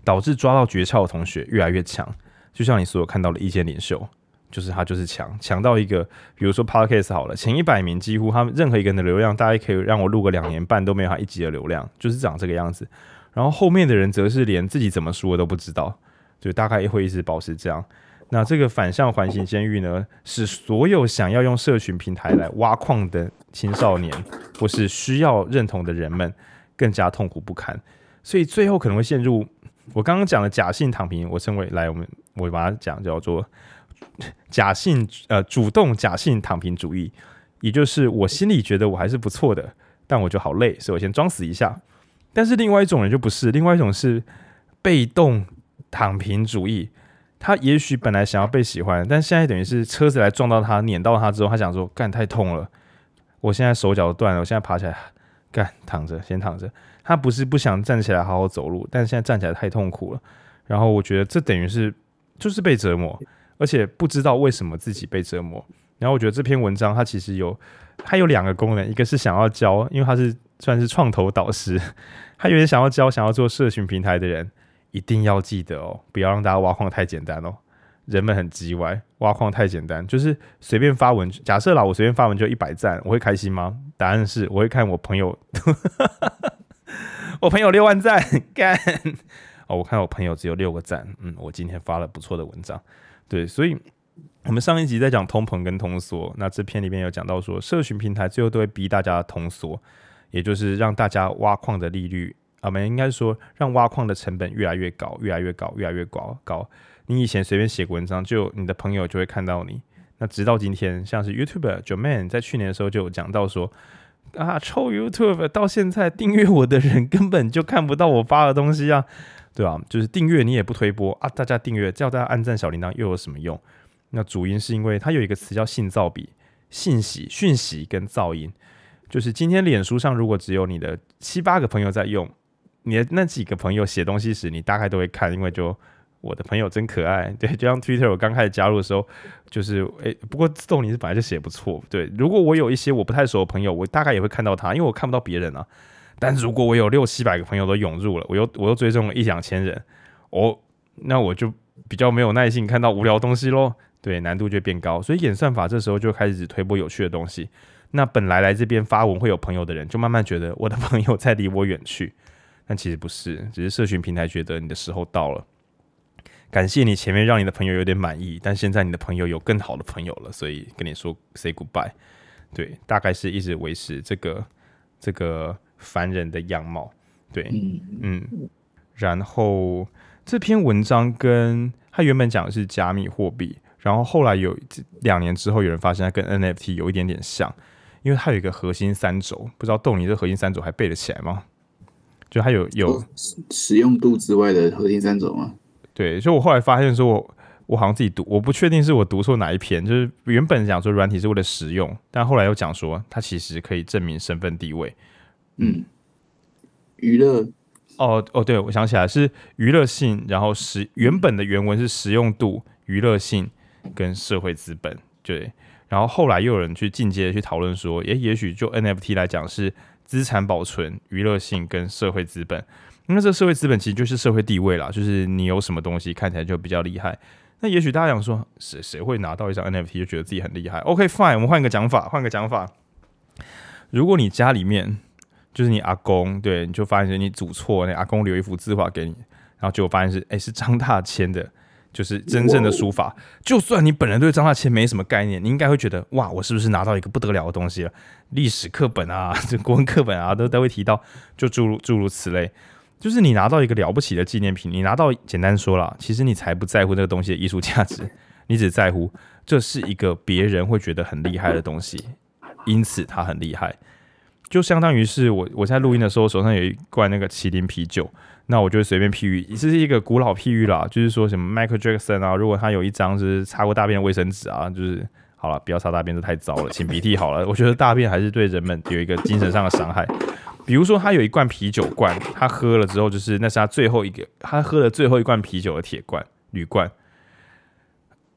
導致抓到訣竅的同學越來越強。就像你所有看到的意見領袖，就是他就是強，強到一個，比如說 Podcast 好了，前一百名幾乎他們任何一個人的流量，大概可以讓我錄個兩年半都沒有他一集的流量，就是長這個樣子。然後後面的人則是連自己怎麼說都不知道，就大概會一直保持這樣。那這個反向環形監獄呢，使所有想要用社群平台來挖礦的青少年，或是需要認同的人們，更加痛苦不堪。所以最後可能會陷入我剛剛講的假性躺平，我稱為，來我們，我把它講叫做假性呃主動，假性躺平主義，也就是我心裡覺得我還是不錯的，但我就好累，所以我先裝死一下。但是另外一種人就不是，另外一種是被動躺平主義。他也許本來想要被喜歡，但現在等於是車子來撞到他、碾到他之後，他想說：“幹，太痛了，我現在手腳都斷了，我現在爬起來，幹，躺著，先躺着。”他不是不想站起來好好走路，但是現在站起來太痛苦了。然後我覺得這等於是就是被折磨，而且不知道為什麼自己被折磨。然後我覺得這篇文章他其實有他有兩個功能，一個是想要教，因為他是算是創投導師， 他有點想要教，想要做社群平台的人。一定要記得哦，不要讓大家挖礦太簡單哦。人們很機歪，挖礦太簡單就是隨便發文。假設啦，我隨便發文就一百贊，我會開心嗎？答案是，我會看我朋友，呵呵呵，我朋友六萬贊幹哦。我看我朋友只有六個贊，嗯，我今天發了不錯的文章。對，所以我們上一集在講通膨跟通縮，那這篇裡面有講到說，社群平台最後都會逼大家通縮，也就是讓大家挖礦的利率。我們應該說，讓挖礦的成本越來越高，越來越高，越來越高高。你以前隨便寫文章，就你的朋友就會看到你。那直到今天，像是 YouTuber Joeman 在去年的時候就有講到說，啊，臭 YouTube，到現在訂閱我的人根本就看不到我發的東西啊，對吧、啊？就是訂閱你也不推播啊，大家訂閱，叫大家按讚小鈴鐺又有什麼用？那主因是因為它有一個詞叫信噪比，信息、訊息跟噪音。就是今天臉書上如果只有你的七八個朋友在用。你的那幾個朋友寫東西時，你大概都會看，因為就我的朋友真可愛。對，就像 Twitter，我剛開始加入的時候，就是誒、欸。不過自動你是本來就寫不錯。對，如果我有一些我不太熟的朋友，我大概也會看到他，因為我看不到別人啊。但如果我有六七百個朋友都湧入了，我又我又追蹤了一兩千人，我、哦、那我就比較沒有耐心看到無聊東西咯，對，難度就變高，所以演算法這時候就開始推播有趣的東西。那本來來這邊發文會有朋友的人，就慢慢覺得我的朋友在離我遠去。但其實不是，只是社群平台覺得你的時候到了。感謝你前面讓你的朋友有點滿意，但現在你的朋友有更好的朋友了，所以跟你說 “say goodbye”。對，大概是一直維持這個這個凡人的樣貌。對，嗯。然後這篇文章跟他原本講的是加密貨幣，然後後來有兩年之後，有人發現它跟 NFT 有一點點像，因為它有一個核心三軸。不知道豆泥你這核心三軸還背得起來嗎？就還有有使用度之外的核心三種嗎？對，所以我後來發現說我，我我好像自己讀，我不確定是我讀錯哪一篇。就是原本講說軟體是為了實用，但後來又講說它其實可以證明身份地位。嗯，娛樂哦哦，oh, oh, 對我想起來是娛樂性，然後實原本的原文是實用度、娛樂性跟社會資本。對，然後後來又有人去進階去討論說，哎，也許就 NFT 來講是。資產保存、娛樂性跟社會資本，那這社會資本其實就是社會地位啦，就是你有什麼東西看起來就比較厲害。那也許大家想說，誰誰會拿到一張 NFT 就覺得自己很厲害？OK fine，我們換一個講法，換個講法。如果你家裡面就是你阿公，對，你就發現你組錯，那個，阿公留一幅字畫給你，然後結果發現是哎、欸、是張大千的。就是真正的書法，就算你本人對張大千沒什麼概念，你應該會覺得哇，我是不是拿到一個不得了的東西了？歷史課本啊，這國文課本啊，都都會提到，就諸如諸如此類。就是你拿到一個了不起的紀念品，你拿到，簡單說了，其實你才不在乎那個東西的藝術價值，你只在乎這是一個別人會覺得很厲害的東西，因此它很厲害。就相當於是我，我在錄音的時候手上有一罐那個麒麟啤酒。那我就隨便譬喻，這是一個古老譬喻啦，就是說什麼 Michael Jackson 啊，如果他有一張是擦過大便的衛生紙啊，就是好了，不要擦大便，這太糟了，擤鼻涕好了。我覺得大便還是對人們有一個精神上的傷害。比如說他有一罐啤酒罐，他喝了之後就是那是他最後一個，他喝了最後一罐啤酒的鐵罐、鋁罐。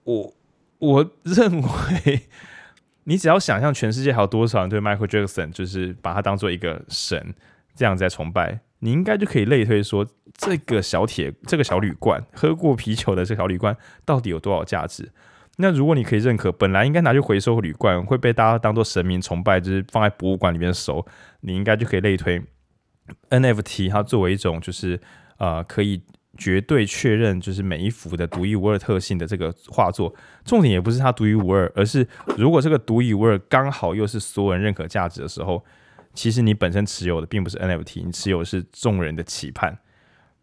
我我認為， 你只要想象全世界還有多少人對 Michael Jackson 就是把他當做一個神這樣子在崇拜。你應該就可以類推說這，這個小鐵，這個小鋁罐，喝過啤酒的這個小鋁罐，到底有多少價值？那如果你可以認可，本來應該拿去回收鋁罐，會被大家當做神明崇拜，就是放在博物館裡面的時候，你應該就可以類推，NFT 它作為一種就是，呃，可以絕對確認就是每一幅的獨一無二特性的這個畫作，重點也不是它獨一無二，而是如果這個獨一無二剛好又是所有人認可價值的時候。其實你本身持有的並不是 NFT，你持有的是眾人的期盼。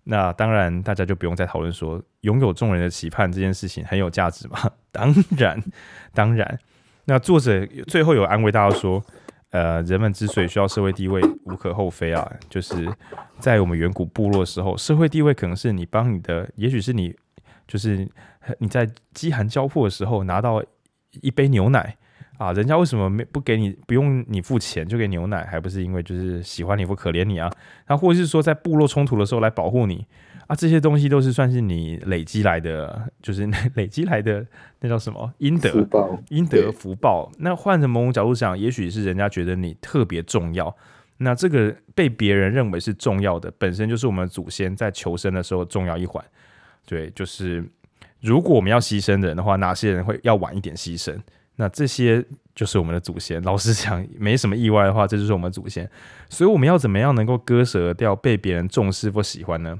那當然，大家就不用再討論說擁有眾人的期盼這件事情很有價值嗎？當然，當然。那作者最後有安慰大家說，呃，人們之所以需要社會地位，無可厚非啊。就是在我們遠古部落的時候，社會地位可能是你幫你的，也許是你就是你在飢寒交迫的時候拿到一杯牛奶。啊，人家為什麼沒不給你不用你付錢就給牛奶，還不是因為就是喜歡你或可憐你啊？那、啊、或者是說在部落衝突的時候來保護你啊？這些東西都是算是你累積來的，就是累積來的那叫什麼？應得福報，得福報。對那換成某種角度想，也許是人家覺得你特別重要。那這個被別人認為是重要的，本身就是我們祖先在求生的時候重要一環。對，就是如果我們要犧牲的人的話，哪些人會要晚一點犧牲？那這些就是我們的祖先。老實講，沒什麼意外的話，這就是我們的祖先。所以我們要怎麼樣能夠割舍掉被別人重視或喜歡呢？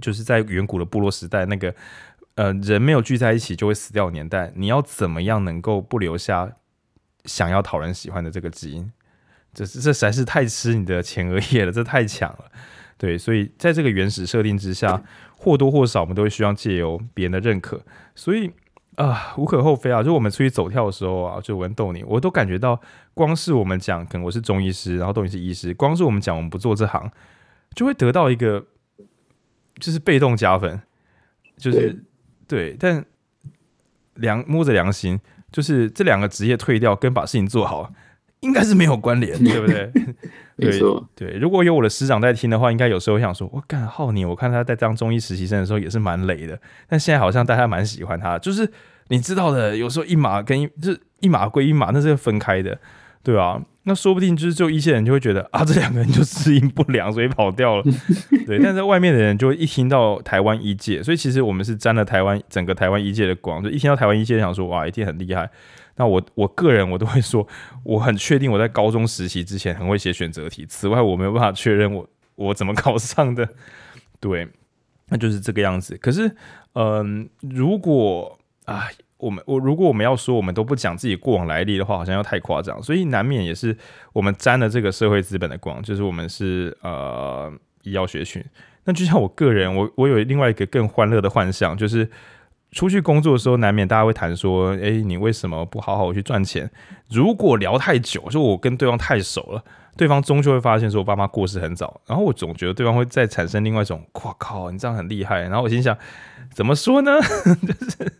就是在遠古的部落時代，那個呃人沒有聚在一起就會死掉的年代，你要怎麼樣能夠不留下想要討人喜歡的這個基因？這這實在是太吃你的前額葉了，這太強了。對，所以在這個原始設定之下，或多或少我們都會需要借由別人的認可。所以。啊、呃，無可厚非啊！就我們出去走跳的時候啊，就我跟豆泥，我都感覺到，光是我們講，可能我是中醫師，然後豆泥是醫師，光是我們講，我們不做這行，就會得到一個就是被動加分，就是對。但良摸着良心，就是這兩個職業退掉，跟把事情做好。應該是沒有關聯，對不 對？沒錯，對。如果有我的師長在聽的話，應該有時候會想說，我幹浩你，我看他在當中醫實習生的時候也是蠻累的，但現在好像大家蠻喜歡他，就是你知道的，有時候一碼跟一就是一碼歸一碼，那是分開的，對吧、啊？那說不定就是就一些人就會覺得啊，這兩個人就適應不良，所以跑掉了。對，但在外面的人就一聽到台灣一屆，所以其實我們是沾了台灣整個台灣一屆的光，就一聽到台灣一屆，想說哇，一屆很厲害。那我我個人我都會說，我很確定我在高中時期之前很會寫選擇題。此外，我沒有辦法確認我我怎麼考上的。對，那就是這個樣子。可是，嗯，如果啊。我們我，如果我們要說我們都不講自己過往來歷的話，好像要太誇張，所以難免也是我們沾了這個社會資本的光，就是我們是呃醫藥學群。那就像我個人，我我有另外一個更歡樂的幻象，就是出去工作的時候，難免大家會談說，哎，你為什麼不好好去賺錢？如果聊太久，就我跟對方太熟了，對方終究會發現說我爸媽過世很早，然後我總覺得對方會再產生另外一種，我靠，你這樣很厲害。然後我心想，怎麼說呢？ 就是。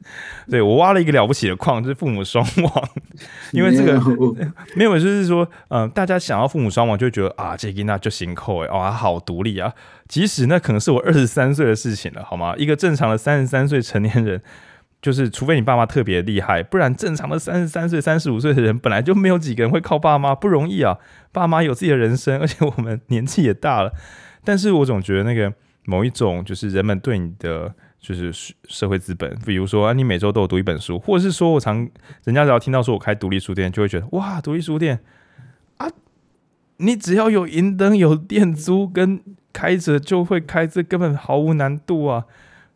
對，我挖了一個了不起的礦，就是父母雙亡。 因為這個，沒有，沒有就是說，嗯、呃，大家想要父母雙亡，就會覺得啊，這小孩很辛苦、哦、哎，哇，好獨立啊！即使那可能是我二十三歲的事情了，好嗎？一個正常的三十三歲成年人，就是除非你爸媽特別厲害，不然正常的三十三歲、三十五歲的人，本來就沒有幾個人會靠爸媽，不容易啊！爸媽有自己的人生，而且我們年紀也大了。但是我總覺得那個某一種，就是人們對你的。就是社會資本，比如說啊，你每周都有讀一本書，或者是說我常人家只要聽到說我開獨立書店，就會覺得哇，獨立書店啊，你只要有銀燈、有店租跟開着就會開，這根本毫無難度啊。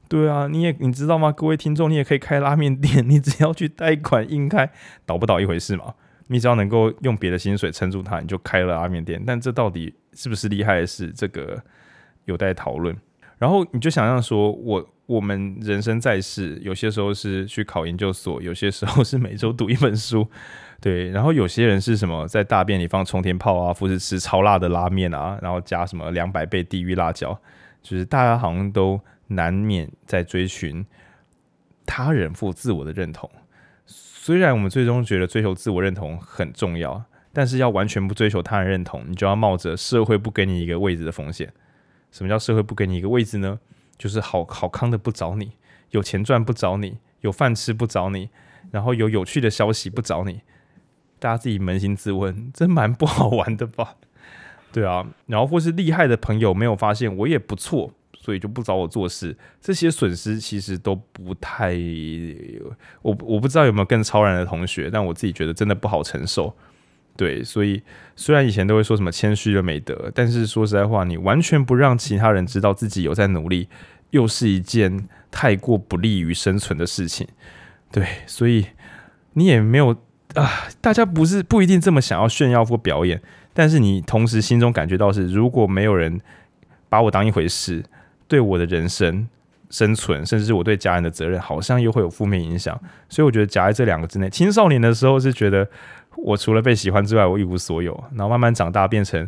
對啊，你也你知道嗎？各位聽眾，你也可以開拉麵店，你只要去貸款硬開，倒不倒一回事嘛？你只要能夠用別的薪水撐住它，你就開了拉麵店。但這到底是不是厲害的事？這個有待討論。然後你就想象說我。我們人生在世，有些時候是去考研究所，有些時候是每周讀一本書，對。然後有些人是什麼，在大便裡放沖天炮啊，或是吃超辣的拉麵啊，然後加什麼兩百倍地獄辣椒，就是大家好像都難免在追尋他人或自我的認同。雖然我們最終覺得追求自我認同很重要，但是要完全不追求他人認同，你就要冒着社會不給你一個位置的風險。什麼叫社會不給你一個位置呢？就是好好康的不找你，有錢賺不找你，有飯吃不找你，然後有有趣的消息不找你，大家自己捫心自問，真蠻不好玩的吧？對啊，然後或是厲害的朋友沒有發現我也不錯，所以就不找我做事，這些損失其實都不太，我我不知道有沒有更超然的同學，但我自己覺得真的不好承受。對，所以雖然以前都會說什麼謙虛的美德，但是說實在話，你完全不讓其他人知道自己有在努力，又是一件太過不利於生存的事情。對，所以你也沒有啊，大家不是不一定這麼想要炫耀或表演，但是你同時心中感覺到是，如果沒有人把我當一回事，對我的人生生存，甚至是我對家人的責任，好像又會有負面影響。所以我覺得夾在這兩個之內，青少年的時候是覺得。我除了被喜歡之外，我一無所有。然後慢慢長大，變成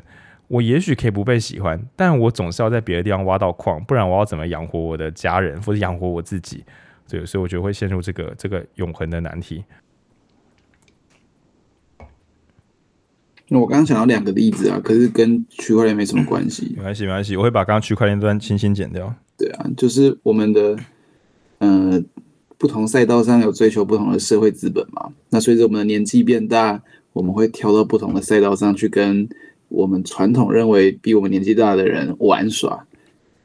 我也許可以不被喜歡，但我總是要在別的地方挖到礦，不然我要怎麼養活我的家人或者養活我自己？對，所以我覺得會陷入這個這個永恆的難題。那我剛剛想到兩個例子啊，可是跟區塊鏈沒什麼關係。嗯，沒關係沒關係，我會把剛剛區塊鏈端輕輕剪掉。對啊，就是我們的，嗯、呃。不同賽道上有追求不同的社會資本嘛？那隨着我們的年紀變大，我們會跳到不同的賽道上去跟我們傳統認為比我們年紀大的人玩耍。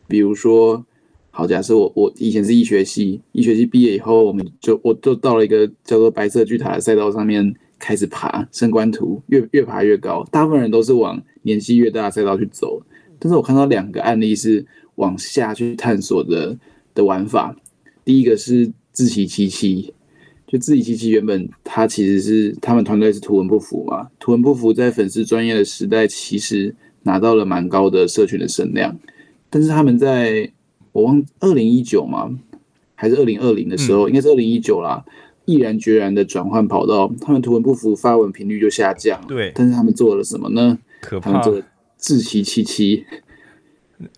比如說，好，假設我我以前是醫學系，醫學系畢業以後，我們就我就到了一個叫做白色巨塔的賽道上面開始爬，升官圖，越越爬越高。大部分人都是往年紀越大的賽道去走，但是我看到兩個案例是往下去探索的的玩法。第一個是。志祺七七，就志祺七七。原本他其實是他們團隊是圖文不符嘛，圖文不符在粉絲專頁的時代，其實拿到了蠻高的社群的聲量。但是他們在我忘二零一九嘛，還是二零二零的時候，嗯、應該是二零一九啦，毅然決然的轉換跑道，他們圖文不符發文頻率就下降。對，但是他們做了什麼呢？可怕，他們志祺七七。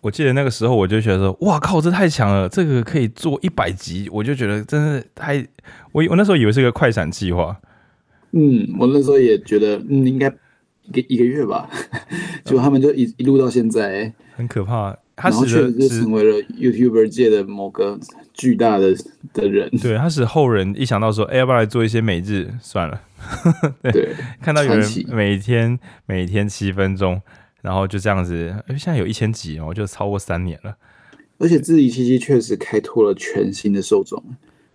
我記得那個時候，我就覺得說：“哇靠，這太強了！這個可以做一百集，我就覺得真的太……我我那時候以為是個快閃計劃。”嗯，我那時候也覺得，嗯，應該一個一個月吧。結 果他們就一、嗯、一路到現在，很可怕。他使得就成為了 YouTuber 界的某個巨大的的人。對他使後人一想到說：“哎、欸，要不要來做一些每日？”算了， 對，對看到有人每天奇每天七分鐘。然後就這樣子，誒現在有一千幾哦，就超過三年了。而且志祺七七確實開拓了全新的受眾，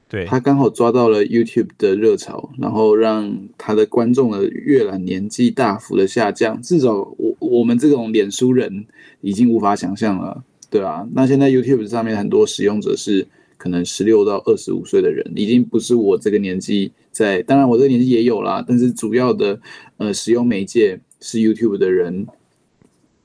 對，他剛好抓到了 YouTube 的熱潮，然後讓他的觀眾的閱覽年紀大幅的下降。至少我我們這種臉書人已經無法想象了，對啊，那現在 YouTube 上面很多使用者是可能十六到二十五歲的人，已經不是我這個年紀在，當然我這個年紀也有啦，但是主要的呃使用媒介是 YouTube 的人。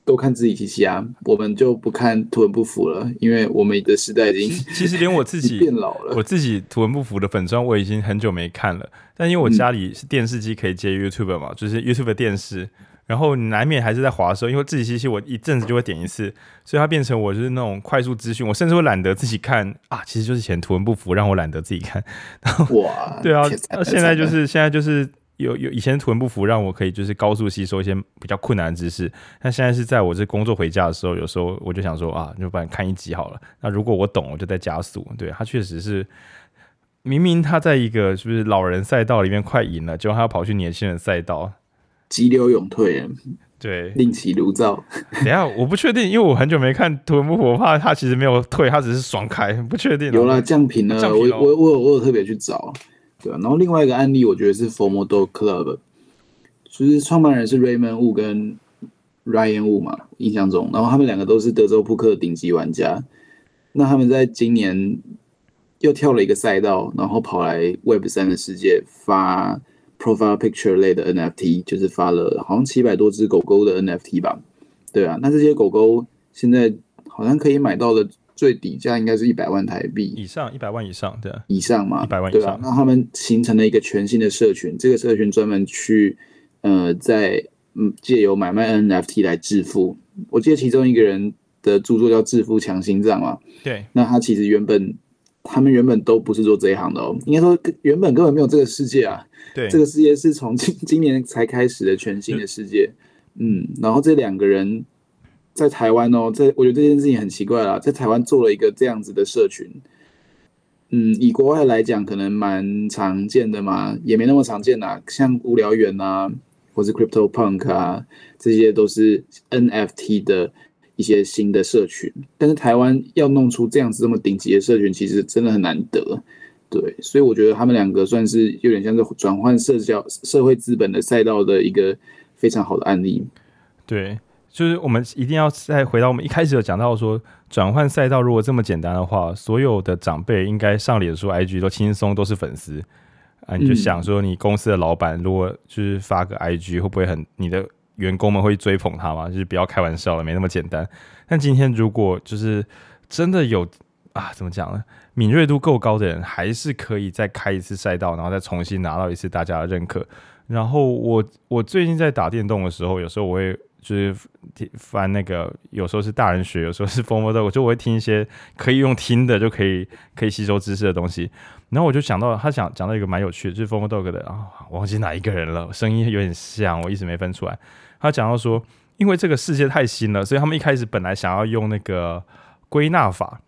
都看志祺七七啊，我們就不看圖文不符了，因為我們的時代已經， 其實連我自己 變老了，我自己圖文不符的粉專我已經很久沒看了。但因為我家裡是電視機可以接 YouTube 嘛，嗯、就是 YouTube 電視，然後難免還是在滑收，因為志祺七七我一陣子就會點一次，嗯、所以它變成我就是那種快速資訊，我甚至會懶得自己看啊，其實就是嫌圖文不符，讓我懶得自己看。然後哇， 對啊，那現在就是現在就是。有有以前圖文不符，讓我可以就是高速吸收一些比較困難的知識。那現在是在我這工作回家的時候，有時候我就想說啊，就不然看一集好了。那如果我懂，我就再加速。對，他確實是，明明他在一個就是老人賽道裡面快贏了，結果他要跑去年輕人賽道，急流勇退。對，另起爐灶。等下，我不確定，因為我很久沒看圖文不符，我怕他其實沒有退，他只是爽開，不確定。有了降品了，啊、降品了我我我我有特別去找。對、啊，然後另外一個案例，我覺得是 FormoDog Club，就是創辦人是 Raymond Wu 跟 Ryan Wu 嘛，印象中，然後他們兩個都是德州撲克的頂級玩家，那他們在今年又跳了一個賽道，然後跑來 Web3 的世界發 Profile Picture 類的 NFT，就是發了好像七百多隻狗狗的 NFT 吧，對啊，那這些狗狗現在好像可以買到的，最底價應該是一百萬台幣以上，一百萬以上的以上嘛，一百萬以上。那他們形成了一個全新的社群，這個社群專門去，呃，在嗯借由買賣 NFT 來致富。我記得其中一個人的著作叫《致富強心臟》啊，對。那他其實原本，他們原本都不是做這一行的哦、喔，應該說原本根本沒有這個世界啊。對，這個世界是從今今年才開始的全新的世界。對嗯，然後這兩個人。在台灣哦，在，我覺得這件事情很奇怪啦，在台灣做了一個這樣子的社群，嗯，以國外來講可能蠻常見的嘛，也沒那麼常見啦。像無聊猿啊，或是 Crypto Punk 啊，這些都是 NFT 的一些新的社群，但是台灣要弄出這樣子這麼頂級的社群，其實真的很難得，對，所以我覺得他們兩個算是有點像是轉換社交社會資本的賽道的一個非常好的案例，對。就是我們一定要再回到我們一開始有講到說，轉換賽道如果這麼簡單的話，所有的長輩應該上臉書 IG 都輕鬆都是粉絲啊！你就想說，你公司的老闆如果就是發個 IG，會不會很你的員工們會追捧他嗎？就是不要開玩笑了，沒那麼簡單。但今天如果就是真的有啊，怎麼講呢？敏銳度夠高的人還是可以再開一次賽道，然後再重新拿到一次大家的認可。然後我我最近在打電動的時候，有時候我會。就是聽翻那個，有時候是大人學，有時候是《Fumble Dog》，就我會聽一些可以用聽的，就可以可以吸收知識的東西。然後我就想到，他想講到一個蠻有趣的，就是《Fumble Dog》的啊，忘記哪一個人了，聲音有點像，我一直沒分出來。他講到說，因為這個世界太新了，所以他們一開始本來想要用那個歸納法。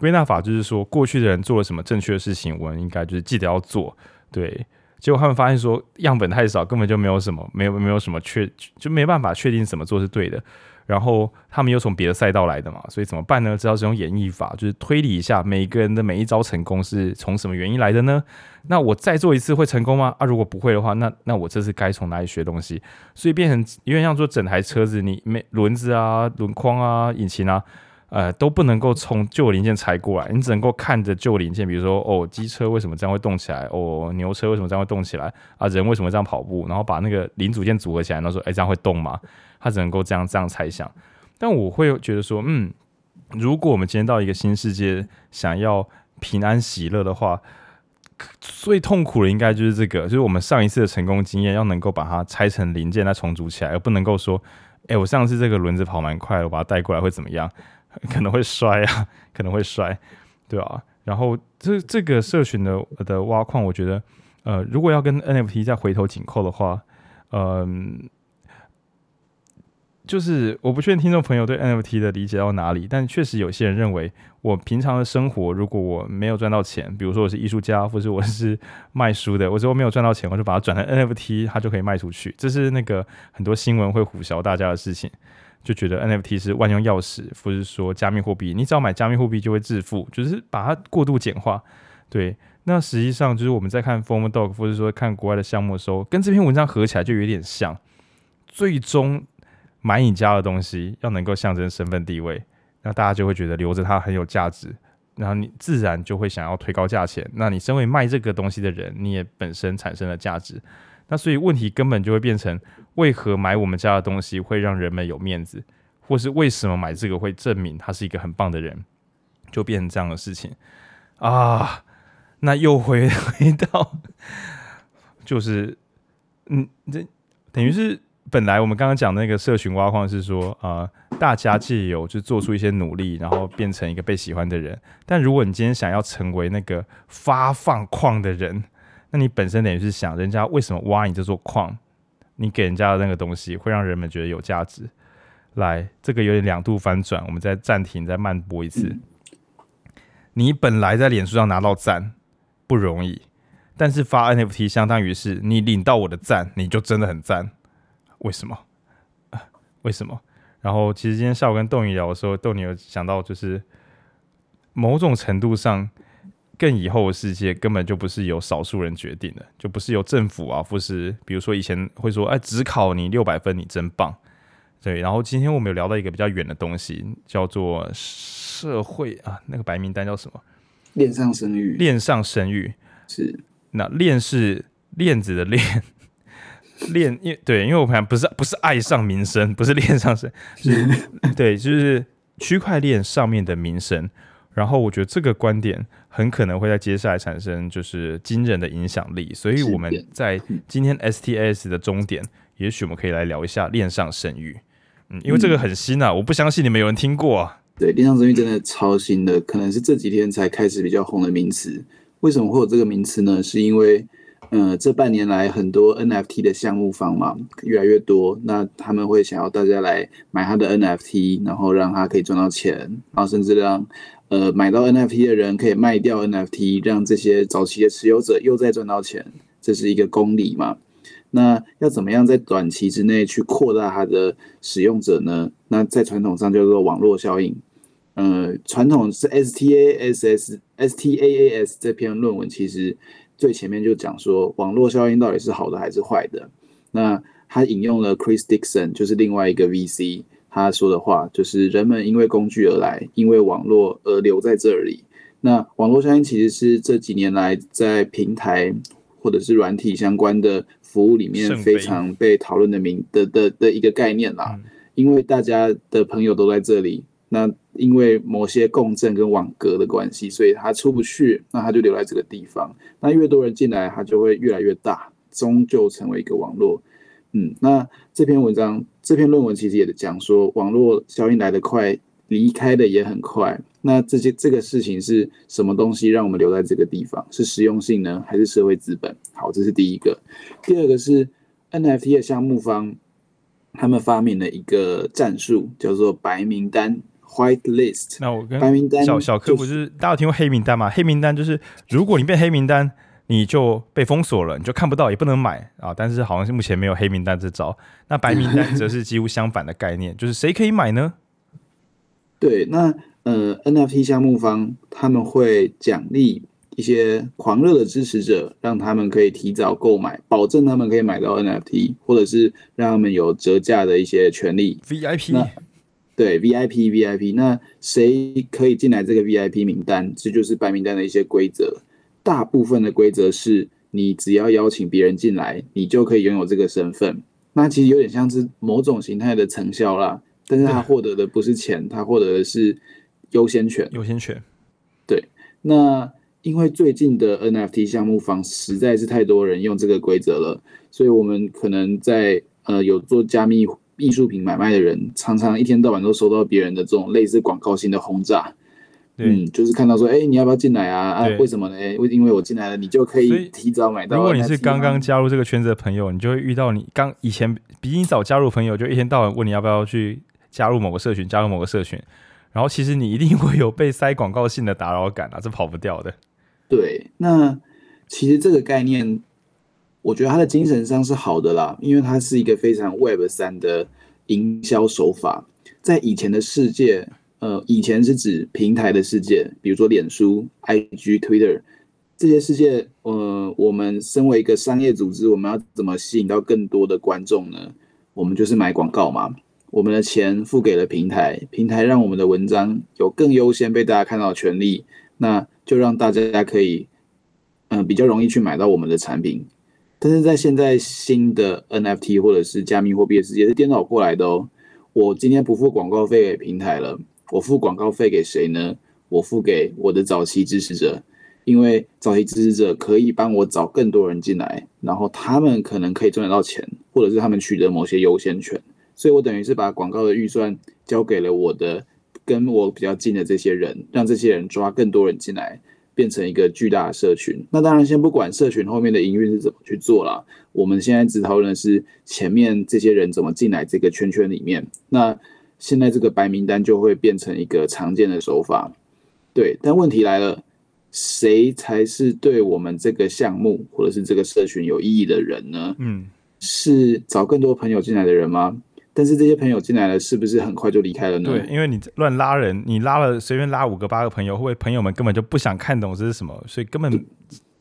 歸納法就是說，過去的人做了什麼正確的事情，我們應該就是記得要做，對。結果他們發現說樣本太少，根本就沒有什麼，沒有沒有什麼確，就沒辦法確定怎麼做是對的。然後他們又從別的賽道來的嘛，所以怎麼辦呢？只好使用演繹法，就是推理一下每一個人的每一招成功是從什麼原因來的呢？那我再做一次會成功嗎？啊，如果不會的話，那那我這次該從哪裡學東西？所以變成因為像做整台車子，你沒輪子啊、輪框啊、引擎啊。呃，都不能夠從舊零件拆過來，你只能夠看着舊零件，比如說，哦，機車為什麼這樣會動起來？哦，牛車為什麼這樣會動起來？啊，人為什麼這樣跑步？然後把那個零組件組合起來，然後說，欸，這樣會動嗎？他只能夠這樣這樣猜想。但我會覺得說，嗯，如果我們今天到一個新世界，想要平安喜樂的話，最痛苦的應該就是這個，就是我們上一次的成功經驗，要能夠把它拆成零件再重組起來，而不能夠說，欸，我上次這個輪子跑蠻快，我把它帶過來會怎麼樣？可能會摔啊，可能會摔，對啊，然後這這個社群的的挖礦，我覺得，呃，如果要跟 NFT 再回頭緊扣的話，嗯、呃，就是我不確定聽眾朋友對 NFT 的理解到哪裡，但確實有些人認為，我平常的生活如果我沒有賺到錢，比如說我是藝術家，或者我是賣書的，我之後沒有賺到錢，我就把它轉成 NFT，它就可以賣出去，這是那個很多新聞會混淆大家的事情。就覺得 NFT 是萬用鑰匙，或者說加密貨幣，你只要買加密貨幣就會致富，就是把它過度簡化。對，那實際上就是我們在看 Form Dog，或者是說看國外的項目的時候，跟這篇文章合起來就有點像。最終，買你家的東西要能夠象徵身份地位，那大家就會覺得留着它很有價值，然後你自然就會想要推高價錢。那你身為賣這個東西的人，你也本身產生了價值，那所以問題根本就會變成，為何買我們家的東西會讓人們有面子，或是為什麼買這個會證明他是一個很棒的人，就變成這樣的事情啊？那又回回到，就是，嗯，這等於是本來我們剛剛講的那個社群挖礦是說，啊、呃、大家借由就做出一些努力，然後變成一個被喜歡的人。但如果你今天想要成為那個發放礦的人，那你本身等於是想，人家為什麼挖你這座礦？你給人家的那個東西會讓人們覺得有價值。來，這個有點兩度反轉，我們再暫停，再慢播一次。嗯、你本來在臉書上拿到讚不容易，但是發 NFT 相當於是你領到我的讚，你就真的很讚。為什麼、啊？為什麼？然後其實今天下午跟豆泥聊的時候，豆泥有想到就是某種程度上。更以後的世界根本就不是由少數人決定的，就不是由政府啊，不是比如說以前會說，哎，只考你六百分，你真棒。對，然後今天我們有聊到一個比較遠的東西，叫做社會啊，那個白名單叫什麼？鏈上聲譽，鏈上聲譽。是那鏈是鏈子的鏈，鏈因對，因為我看不是不是愛上名聲，不是鏈上聲。是，對，就是區塊鏈上面的名聲。然後我覺得這個觀點很可能會在接下來產生就是驚人的影響力，所以我們在今天 StaaS 的終點，也許我們可以來聊一下鏈上聲譽，嗯，因為這個很新啊，我不相信你們有人聽過。啊。對，鏈上聲譽真的超新的，可能是這幾天才開始比較紅的名詞。為什麼會有這個名詞呢？是因為，呃，這半年來很多 N F T 的項目方嘛，越來越多，那他們會想要大家來買他的 N F T，然後讓他可以賺到錢，然後甚至讓呃，買到 NFT 的人可以賣掉 NFT，讓這些早期的持有者又再賺到錢，這是一個公理嘛？那要怎麼樣在短期之內去擴大它的使用者呢？那在傳統上叫做網絡效應。呃，傳統是 STAAS，STAAS 這篇論文其實最前面就講說網絡效應到底是好的還是壞的？那他引用了 Chris Dixon，就是另外一個 VC。他說的話就是：人們因為工具而來，因為網絡而留在這裡。那網絡效應其實是這幾年來在平台或者是軟體相關的服務裡面非常被討論的名的的的一個概念啦。因為大家的朋友都在這裡，那因為某些共振跟網格的關係，所以他出不去，那他就留在這個地方。那越多人進來，他就會越來越大，終究成為一個網絡。嗯，那這篇文章。這篇論文其實也講說，網絡效應來得快，離開的也很快。那這些這個事情是什麼東西讓我們留在這個地方？是實用性呢，還是社會資本？好，這是第一個。第二個是 NFT 的項目方，他們發明了一個戰術，叫做白名單 （White List）。那我跟小白名單、就是、小科不是，大家有聽過黑名單嗎？黑名單就是，如果你被黑名單。你就被封鎖了，你就看不到，也不能買啊。但是好像是目前沒有黑名單這招，那白名單則是幾乎相反的概念， 就是誰可以買呢？對，那呃，NFT 項目方他們會獎勵一些狂熱的支持者，讓他們可以提早購買，保證他們可以買到 NFT，或者是讓他們有折價的一些權利。VIP 呢，對，VIP，VIP，VIP，那誰可以進來這個 VIP 名單？這就是白名單的一些規則。大部分的規則是，你只要邀請別人進來，你就可以擁有這個身份。那其實有點像是某種形態的傳銷啦，但是，他獲得的不是錢，他獲對得的是優先權。優先權。對。那因為最近的 NFT 項目方實在是太多人用這個規則了，所以我們可能在呃有做加密藝術品買賣的人，常常一天到晚都收到別人的這種類似廣告性的轟炸。對嗯，就是看到說，哎、欸，你要不要進來啊？對啊，為什麼呢？為因為我進來了，你就可以提早買到。如果你是剛剛加入這個圈子的朋友，你就會遇到你剛以前比你早加入朋友，就一天到晚問你要不要去加入某個社群，加入某個社群。然後其實你一定會有被塞廣告性的打擾感啊，這跑不掉的。對，那其實這個概念，我覺得它的精神上是好的啦，因為它是一個非常 Web 三的營銷手法，在以前的世界。呃，以前是指平台的世界，比如說臉書、IG、Twitter 這些世界。呃，我們身為一個商業組織，我們要怎麼吸引到更多的觀眾呢？我們就是買廣告嘛。我們的錢付給了平台，平台讓我們的文章有更優先被大家看到的權利，那就讓大家可以，嗯、呃，比較容易去買到我們的產品。但是在現在新的 NFT 或者是加密貨幣的世界是顛倒過來的哦。我今天不付廣告費給平台了。我付廣告費給誰呢？我付給我的早期支持者，因為早期支持者可以幫我找更多人進來，然後他們可能可以賺得到錢，或者是他們取得某些優先權。所以我等於是把廣告的預算交給了我的跟我比較近的這些人，讓這些人抓更多人進來，變成一個巨大的社群。那當然，先不管社群後面的營運是怎麼去做了，我們現在只討論的是前面這些人怎麼進來這個圈圈裡面。那。現在這個白名單就會變成一個常見的手法，對。但問題來了，誰才是對我們這個項目或者是這個社群有意義的人呢？嗯，是找更多朋友進來的人嗎？但是這些朋友進來了，是不是很快就離開了呢？對，因為你亂拉人，你拉了隨便拉五個八個朋友，會不會朋友們根本就不想看懂這是什麼，所以根本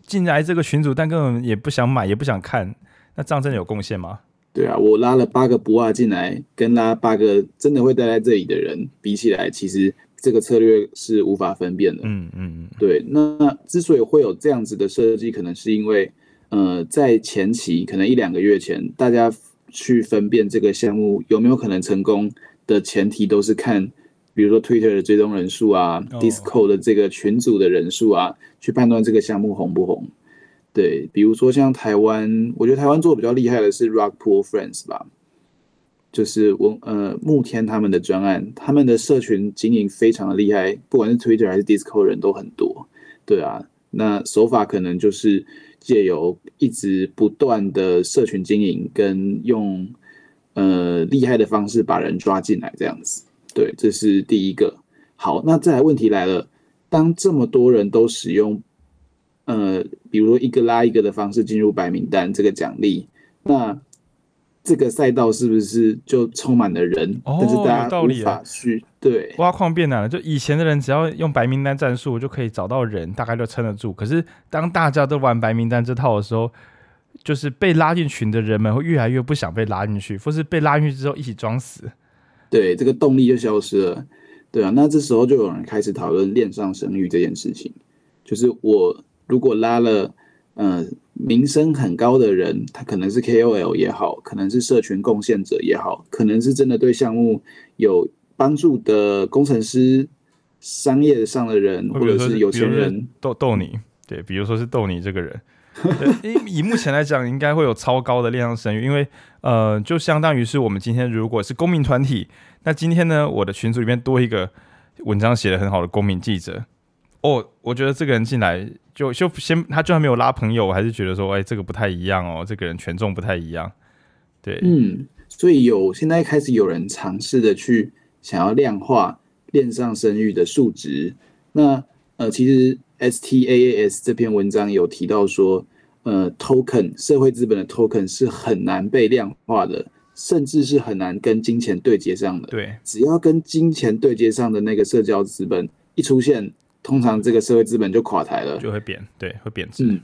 進來這個群組，但根本也不想買，也不想看，那這樣真的有貢獻嗎？對啊，我拉了八個不二進來，跟拉八個真的會待在這裡的人比起來，其實這個策略是無法分辨的。嗯嗯，嗯，對。那之所以會有這樣子的設計，可能是因為，呃，在前期，可能一兩個月前，大家去分辨這個項目有沒有可能成功的前提，都是看，比如說 Twitter 的追蹤人數啊，哦，Discord 的這個群組的人數啊，去判斷這個項目紅不紅。對，比如說像台灣，我覺得台灣做的比較厲害的是 Rock Pool Friends 吧，就是我呃慕天他們的專案，他們的社群經營非常的厲害，不管是 Twitter 還是 Discord 人都很多。對啊，那手法可能就是借由一直不斷的社群經營跟用呃厲害的方式把人抓進來這樣子。對，這是第一個。好，那再來問題來了，當這麼多人都使用。呃，比如一個拉一個的方式進入白名單這個獎勵，那這個賽道是不是就充滿了人？哦，但是大家法有道理啊。對，挖礦變難了。就以前的人只要用白名單戰術就可以找到人，大概就撐得住。可是當大家都玩白名單這套的時候，就是被拉進群的人們會越來越不想被拉進去，或是被拉進去之後一起裝死。對，這個動力就消失了。對啊，那這時候就有人開始討論鏈上神諭這件事情，就是我。如果拉了，嗯、呃，名聲很高的人，他可能是 KOL 也好，可能是社群貢獻者也好，可能是真的對項目有幫助的工程師、商業上的人，或者是有錢人，豆豆泥，對，比如說是豆泥這個人。以 以目前來講，應該會有超高的量聲譽，因為，呃，就相當於是我們今天如果是公民團體，那今天呢，我的群組裡面多一個文章寫得很好的公民記者，哦，oh, 我覺得這個人進來就就先他居然沒有拉朋友，我還是覺得說，哎、欸，這個不太一樣哦，這個人權重不太一樣，對，嗯，所以有現在開始有人嘗試的去想要量化鏈上聲譽的數值，那呃，其實 StaaS 這篇文章有提到說，呃，token 社會資本的 token 是很難被量化的，甚至是很難跟金錢對接上的，對，只要跟金錢對接上的那個社交資本一出現。通常這個社會資本就垮台了，就會貶，對，會貶值，嗯。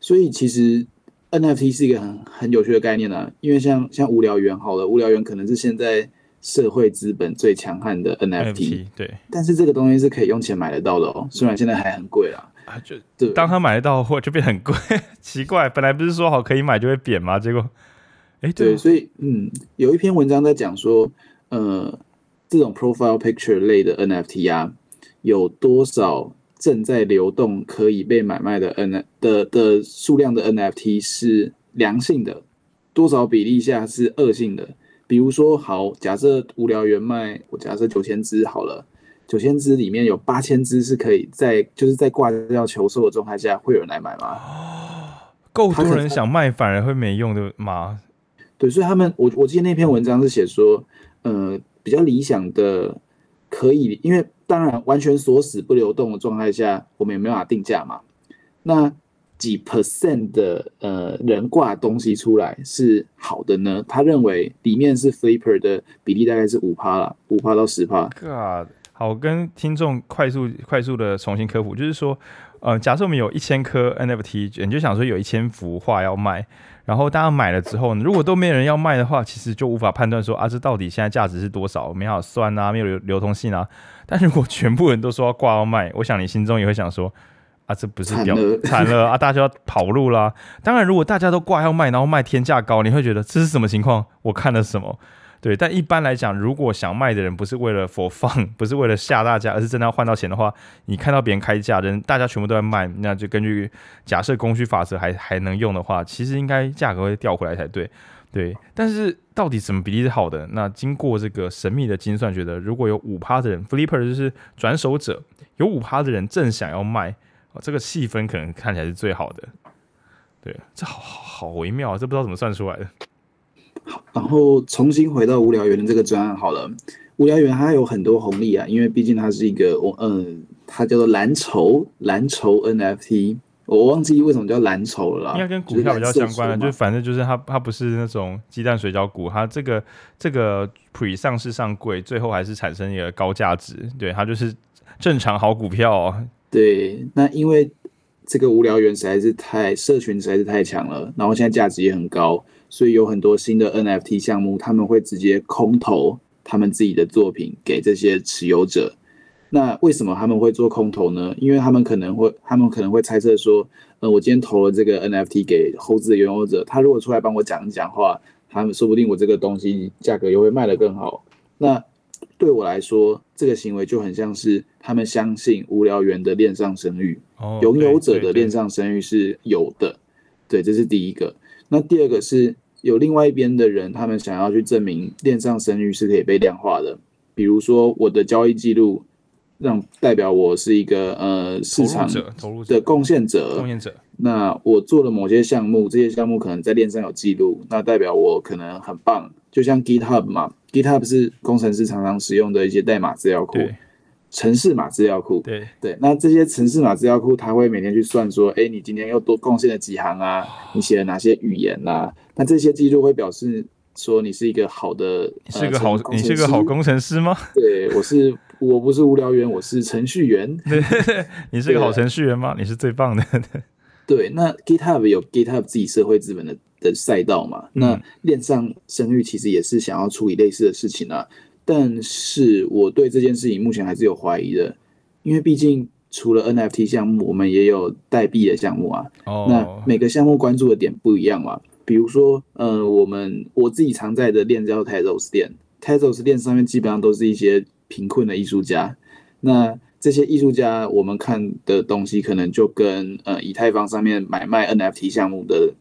所以其實 NFT 是一個很很有趣的概念呢、啊，因為像像無聊猿好了，無聊猿可能是現在社會資本最強悍的 NFT。對，但是這個東西是可以用錢買得到的哦，雖然現在還很貴啊。啊，就，對，當他買得到貨就變很貴，奇怪，本來不是說好可以買就會貶嗎？結果，哎，對、啊、對，所以嗯，有一篇文章在講說，呃，這種 profile picture 類的 NFT 啊。有多少正在流動、可以被買賣的 N 的的數量的 NFT 是良性的，多少比例下是惡性的？比如說，好，假設無聊原猿賣，我假設九千隻好了，九千隻裡面有八千隻是可以在就是在掛掉求售的狀態下會有人來買嗎？夠多人想賣反而會沒用的嗎？對，所以他們，我我之前那篇文章是寫說，呃，比較理想的，可以，因為當然完全鎖死不流動的狀態下，我們也沒有辦法定價嘛。那幾 percent 的呃人掛東西出來是好的呢？他認為裡面是 flipper 的比例大概是五趴啦，五趴到十趴。God, 好，跟聽眾快速快速的重新科普，就是說，呃，假設我們有一千顆 NFT，你就想說有一千幅畫要賣。然後大家買了之後呢，如果都沒有人要賣的話，其實就無法判斷說啊，這到底現在價值是多少，沒有好算啊，沒有流流通性啊。但如果全部人都說要掛要賣，我想你心中也會想說，啊，這不是屌慘了，慘了啊，大家就要跑路啦。當然，如果大家都掛要賣，然後賣天價高，你會覺得這是什麼情況？我看了什麼？對，但一般來講，如果想賣的人不是為了 for fun，不是為了嚇大家，而是真的要換到錢的話，你看到別人開價，人大家全部都在賣，那就根據假設供需法則還還能用的話，其實應該價格會調回來才對。對，但是到底什麼比例是好的？那經過這個神秘的精算，覺得如果有五趴的人 Flipper 就是轉手者，有五趴的人正想要賣，哦、這個細分可能看起來是最好的。對，這好好好微妙啊，這不知道怎麼算出來的。好，然後重新回到無聊猿的這個專案好了，無聊猿它有很多紅利啊，因為畢竟它是一個我嗯、呃，它叫做藍籌藍籌 NFT，我忘記為什麼叫藍籌了。應該跟股票比較相關了，啊，就，是就是反正就是它它不是那種雞蛋水餃股，它這個這個 Pre 上市上櫃，最後還是產生一個高價值，對它就是正常好股票哦。對，那因為這個無聊猿實在是太社群實在是太強了，然後現在價值也很高。所以有很多新的 NFT 項目，他們會直接空投他們自己的作品給這些持有者。那為什麼他們會做空投呢？因為他們可能會，他們可能會猜測說，呃，我今天投了這個 NFT 給猴子的擁有者，他如果出來幫我講一講話，他們說不定我這個東西價格又會賣得更好。那對我來說，這個行為就很像是他們相信無聊猿的鏈上聲譽，哦，擁有者的鏈上聲譽是有的。對、對、對、對，這是第一個。那第二個是。有另外一邊的人，他們想要去證明鏈上聲譽是可以被量化的，比如說我的交易記錄，讓代表我是一個呃市場的貢獻者。貢獻者。者，那我做了某些項目，這些項目可能在鏈上有記錄，那代表我可能很棒。就像 GitHub 嘛，GitHub 是工程師常常使用的一些代碼資料庫。對城市碼資料庫，對對，那這些城市碼資料庫，他會每天去算說，哎、欸，你今天又多貢獻了幾行啊，你寫了哪些語言吶、啊？那這些記錄會表示說，你是一個好的，呃、你是一個好，你是一個好工程師嗎？對我是，我不是無聊員，我是程序員。 你是個好程序員嗎？你是最棒的。對，對那 GitHub 有 GitHub 自己社會資本的的賽道嘛？嗯、那鏈上生譽其實也是想要處理類似的事情啊。但是我對這件事情目前還是有懷疑的，因為畢竟除了 NFT 項目，我們也有代幣的項目啊。Oh. 那每個項目關注的點不一樣嘛？比如說，呃，我們我自己常在的鏈叫泰羅斯鏈，泰羅斯鏈上面基本上都是一些貧困的藝術家。那這些藝術家，我們看的東西可能就跟呃以太坊上面買賣 NFT 項目的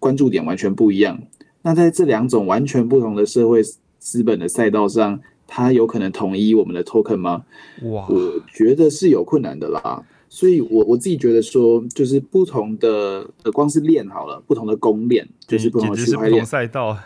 關注點完全不一樣。那在這兩種完全不同的社會。資本的賽道上，它有可能統一我們的 token 嗎？哇，我覺得是有困難的啦。所以我，我我自己覺得說，就是不同的，呃，光是鏈好了，不同的公鏈，就是不同的區塊鏈賽道。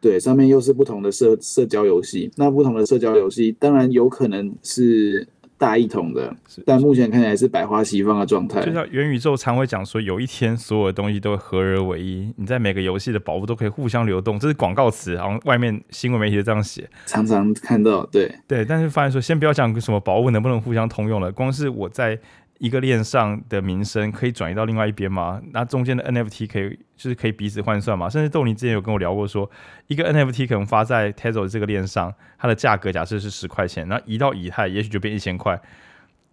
對，上面又是不同的社社交遊戲，那不同的社交遊戲，當然有可能是。大一統的，但目前看起來是百花齊放的狀態。就像元宇宙常會講說，有一天所有的東西都會合而為一，你在每個遊戲的寶物都可以互相流動，這是廣告詞，然後外面新聞媒體這樣寫，常常看到。對，對，但是發現說，先不要講什麼寶物能不能互相通用了，光是我在。一個鏈上的名聲可以轉移到另外一邊嗎？那中間的 NFT 可以就是可以彼此換算嗎？甚至豆泥之前有跟我聊過說，說一個 NFT 可能發在 Tezos 這個鏈上，它的價格假設是十塊錢，那移到以太也許就變一千塊。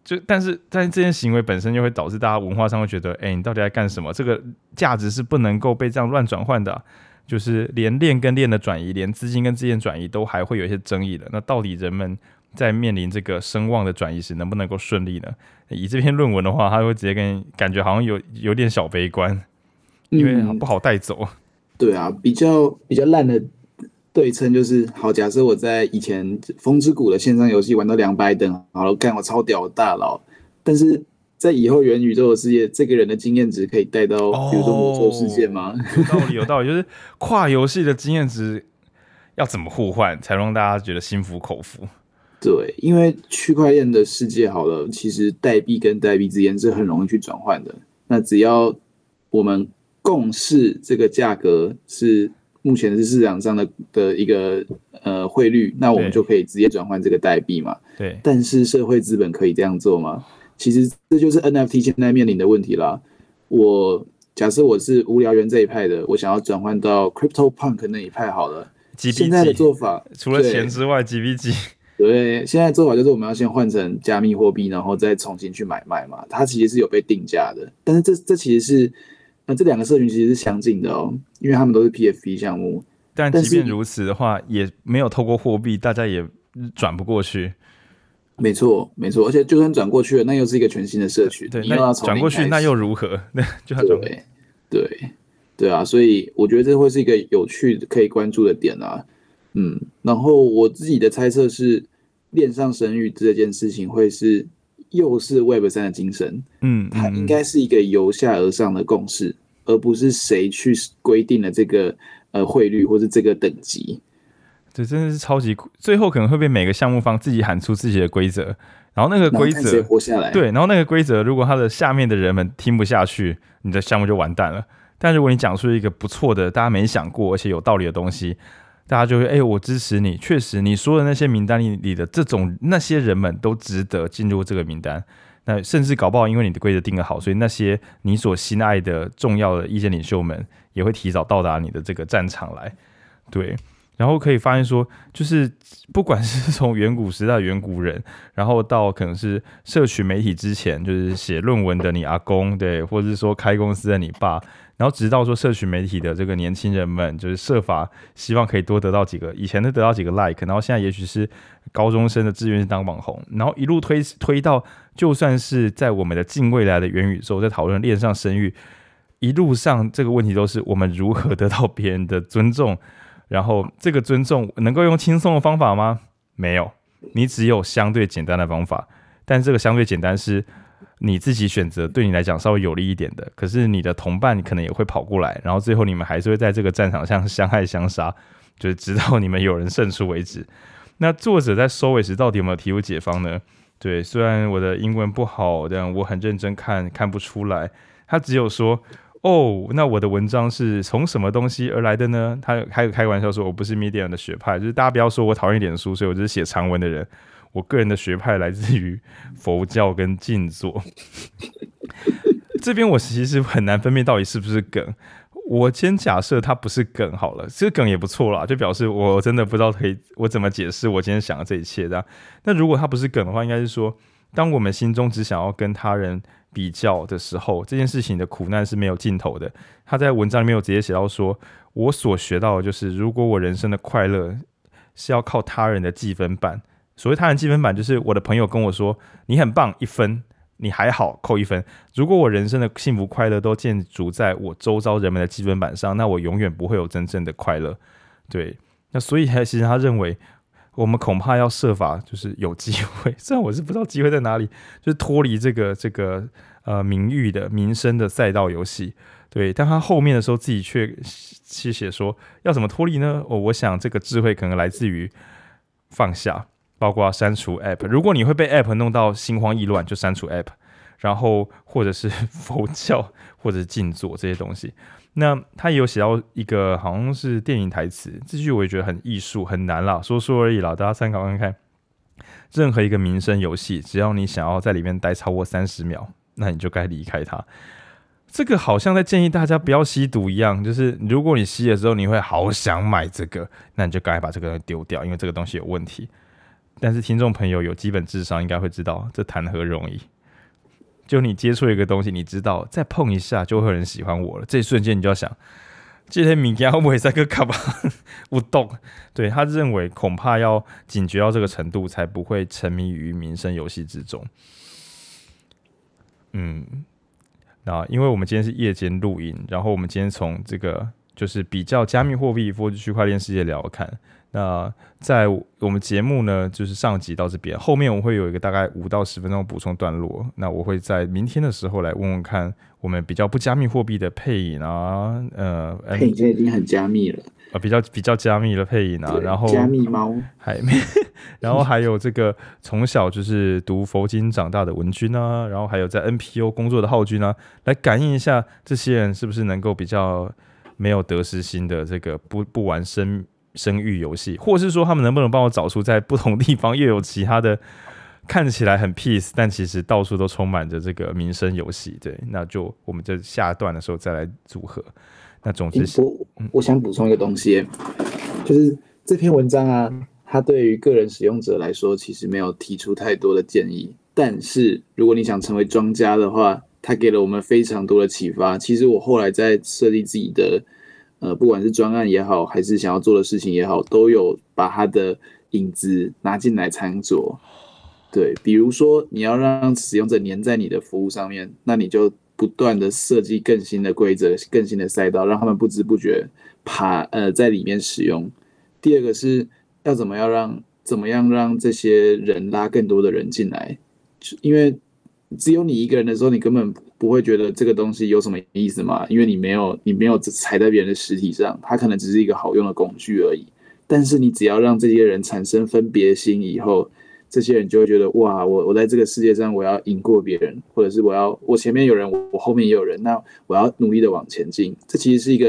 就但是但是這些行為本身就會導致大家文化上會覺得，哎，你到底在幹什麼？這個價值是不能夠被這樣亂轉換的啊，就是連鏈跟鏈的轉移，連資金跟資金轉移都還會有一些爭議的。那到底人們？在面臨這個聲望的轉移時，能不能夠順利呢？以這篇論文的話，他會直接跟你感覺好像有有點小悲觀，因為不好帶走、嗯。對啊，比較比較爛的對稱就是好。假設我在以前風之谷的線上遊戲玩到兩百等，好了，幹我超屌的大佬，但是在以後元宇宙的世界，這個人的經驗值可以帶到，比如說魔獸世界嗎？有道理、哦、有道理，有道理 就是跨遊戲的經驗值要怎麼互換，才讓大家覺得心服口服？對，因為區塊鏈的世界好了，其實代幣跟代幣之間是很容易去轉換的。那只要我們共識這個價格是目前是市場上的的一個呃匯率，那我們就可以直接轉換這個代幣嘛。對。對，但是社會資本可以這樣做嗎？其實這就是 NFT 現在面臨的問題啦。我假設我是無聊猿這一派的，我想要轉換到 Crypto Punk 那一派好了。幾比幾。現在的做法除了錢之外，幾比幾。對幾比幾對，現在做法就是我們要先換成加密貨幣，然後再重新去買賣嘛。它其實是有被定價的，但是這這其實是那、呃、這兩個社群其實是相近的哦，因為他們都是 PFP 項目。但即便如此的話，是也沒有透過貨幣，大家也轉不過去。沒錯，沒錯，而且就算轉過去了，那又是一個全新的社群。啊、對，那要從轉過去那又如何？ 就轉過去對，對，對啊，所以我覺得這會是一個有趣可以關注的點啊。嗯，然後我自己的猜測是，鏈上聲譽這件事情會是又是 Web 三的精神，嗯，它應該是一個由下而上的共識，嗯、而不是誰去規定了這個呃匯率或者這個等級。這真的是超級，最後可能會被每個項目方自己喊出自己的規則，然後那個規則活下來。對，然後那個規則如果他的下面的人們聽不下去，你的項目就完蛋了。但如果你講出一個不錯的，大家沒想過而且有道理的東西。大家就會，哎、欸，我支持你。確實，你說的那些名單裡裡的這種那些人們都值得進入這個名單。那甚至搞不好，因為你的規則定得好，所以那些你所心愛的重要的意見領袖們也會提早到達你的這個戰場來。對，然後可以發現說，就是不管是從遠古時代、遠古人，然後到可能是社群媒體之前，就是寫論文的你阿公，對，或者是說開公司的你爸，然後直到說，社群媒體的這個年輕人們，就是設法希望可以多得到幾個以前的得到幾個 like，然後現在也許是高中生的志願是當網紅，然後一路推推到，就算是在我們的近未來的元宇宙，在討論鏈上聲譽，一路上這個問題都是我們如何得到別人的尊重，然後這個尊重能夠用輕鬆的方法嗎？沒有，你只有相對簡單的方法，但這個相對簡單是。你自己選擇對你來講稍微有利一點的，可是你的同伴可能也會跑過來，然後最後你們還是會在這個戰場上相愛相殺，就是直到你們有人勝出為止。那作者在收尾時到底有沒有提出解方呢？對，雖然我的英文不好，但我很認真看看不出來。他只有說：“哦，那我的文章是從什麼東西而來的呢？”他開個開玩笑說：“我不是 Medium 的學派，就是大家不要說我討厭臉書，所以我就是寫長文的人。”我個人的學派來自於佛教跟靜坐。這邊我其實很難分辨到底是不是梗。我先假設它不是梗好了，這個梗也不錯啦，就表示我真的不知道可以我怎麼解釋我今天想的這一切的。那如果它不是梗的話，應該是說，當我們心中只想要跟他人比較的時候，這件事情的苦難是沒有盡頭的。他在文章裡面有直接寫到說，我所學到的就是，如果我人生的快樂是要靠他人的計分板。所謂他人積分板，就是我的朋友跟我說：“你很棒，一分；你還好，扣一分。如果我人生的幸福快樂都建築在我周遭人們的積分板上，那我永遠不會有真正的快樂。”對，那所以他其實他認為，我們恐怕要設法，就是有機會。雖然我是不知道機會在哪裡，就是脫離這個這個呃名譽的名聲的賽道遊戲。對，但他後面的時候自己卻寫說：“要怎麼脫離呢？”我、哦、我想這個智慧可能來自於放下。包括刪除 App，如果你會被 App 弄到心慌意亂，就刪除 App。然後或者是佛教，或者是靜坐這些東西。那他也有寫到一個好像是電影台詞，這句我也覺得很藝術，很難啦，說說而已啦，大家參考看看。任何一個名聲遊戲，只要你想要在裡面待超過三十秒，那你就該離開它。這個好像在建議大家不要吸毒一樣，就是如果你吸了之後你會好想買這個，那你就該把這個丟掉，因為這個東西有問題。但是聽眾朋友有基本智商，應該會知道這談何容易。就你接觸一個東西，你知道，再碰一下就會有人喜歡我了。這一瞬間你就要想，這天米加維一個卡巴不懂， 對他認為恐怕要警覺到這個程度，才不會沉迷於民生遊戲之中。嗯，那因為我們今天是夜間錄音，然後我們今天從這個就是比較加密貨幣或者區塊鏈世界聊聊看。那在我們節目呢，就是上集到這邊，後面我會有一個大概五到十分鐘補充段落。那我會在明天的時候來問問看，我們比較不加密貨幣的配音啊，呃，配音現在已經很加密了啊，比較比較加密了配音啊，對然後加密貓還沒，然後還有這個從小就是讀佛經長大的文君啊，然後還有在 NPO 工作的浩君啊，來感應一下這些人是不是能夠比較沒有得失心的這個不不玩生生育遊戲，或是說他們能不能幫我找出在不同地方又有其他的看起來很 peace，但其實到處都充滿着這個名聲遊戲？對，那就我們就下一段的時候再來組合。那總之，我我想補充一個東西，嗯、就是這篇文章啊，它對於個人使用者來說，其實沒有提出太多的建議。但是如果你想成為莊家的話，它給了我們非常多的啟發。其實我後來在設立自己的。呃，不管是專案也好，還是想要做的事情也好，都有把他的影子拿進來參酌。對，比如說你要讓使用者黏在你的服務上面，那你就不斷的設計更新的規則、更新的賽道，讓他們不知不覺爬呃在裡面使用。第二個是要怎麼樣讓怎麼樣讓這些人拉更多的人進來？因為只有你一個人的時候，你根本。不會覺得這個東西有什麼意思嗎？因為你沒有，你沒有踩在別人的屍體上，它，可能只是一個好用的工具而已。但是你只要讓這些人產生分別心以後，這些人就會覺得哇，我我在這個世界上，我要贏過別人，或者是我要我前面有人，我後面也有人，那我要努力的往前進。這其實是一個，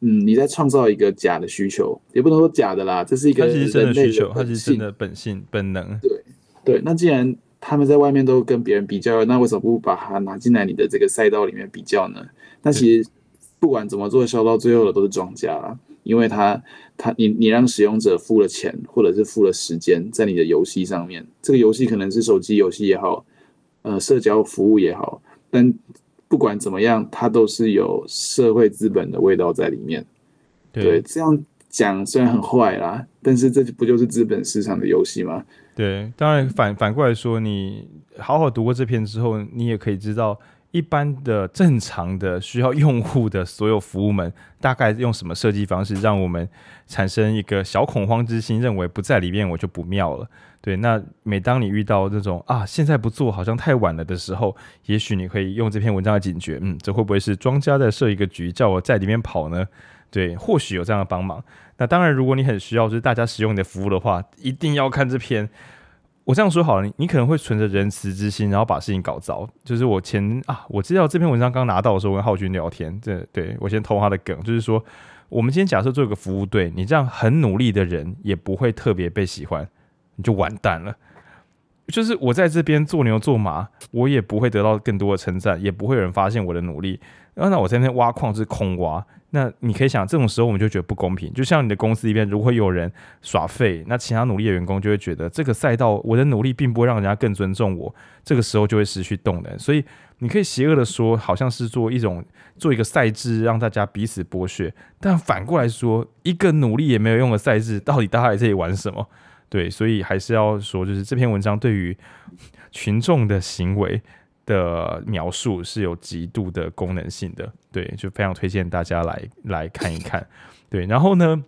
嗯，你在創造一個假的需求，也不能說假的啦，這是一個的，他真的需求，它是人的本性本能。對對，那既然。他們在外面都跟別人比較，那為什麼不把它拿進來你的這個賽道裡面比較呢？那其實不管怎麼做，笑到最後的都是莊家啦，因為他他你你讓使用者付了錢，或者是付了時間在你的遊戲上面，這個遊戲可能是手機遊戲也好，呃，社交服務也好，但不管怎麼樣，它都是有社會資本的味道在裡面。對,對，這樣講雖然很壞啦，但是這不就是資本市場的遊戲嗎？對，當然反反過來說，你好好讀過這篇之後，你也可以知道一般的正常的需要用戶的所有服務們，大概用什麼設計方式，讓我們產生一個小恐慌之心，認為不在裡面我就不妙了。對，那每當你遇到這種啊，現在不做好像太晚了的時候，也許你可以用這篇文章的警覺，嗯，這會不會是莊家在設一個局，叫我在裡面跑呢？對，或許有這樣的幫忙。那當然，如果你很需要，就是大家使用你的服務的話，一定要看這篇。我這樣說好了，你可能會存着仁慈之心，然後把事情搞糟。就是我前啊，我知道這篇文章剛拿到的時候，我跟浩軍聊天，對對，我先偷他的梗，就是說，我們今天假設做一個服務隊，你這樣很努力的人，也不會特別被喜歡，你就完蛋了。就是我在這邊做牛做馬，我也不會得到更多的稱讚，也不會有人發現我的努力。然後我在那邊挖礦是空挖。那你可以想，這種時候我們就覺得不公平。就像你的公司裡面，如果有人耍廢，那其他努力的員工就會覺得這個賽道，我的努力並不會讓人家更尊重我。這個時候就會失去動能。所以你可以邪惡的說，好像是做一種做一個賽制，讓大家彼此剝削。但反過來說，一個努力也沒有用的賽制，到底大家在這裡玩什麼？對，所以還是要說，就是這篇文章對於群眾的行為。的描述是有極度的功能性的，對，就非常推薦大家來來看一看，對，然後呢？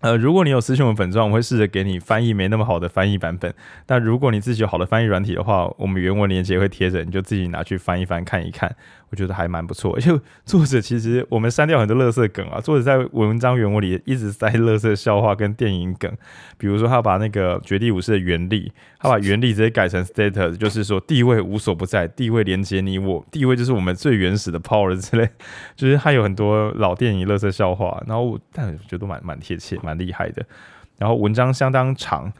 呃，如果你有私信我本章，我會試着給你翻譯沒那麼好的翻譯版本。但如果你自己有好的翻譯軟體的話，我們原文連接會貼着，你就自己拿去翻一翻看一看。我覺得還蠻不錯，而且作者其實我們刪掉很多樂色梗啊。作者在文章原文裡一直塞樂色笑話跟電影梗，比如說他把那個《絕地武士》的原力，他把原力直接改成 status，是就是說地位無所不在，地位連接你我，地位就是我們最原始的 power 之類。就是他有很多老電影樂色笑話，然後我但我覺得都蠻蠻貼切。蠻厲害的，然後文章相當長，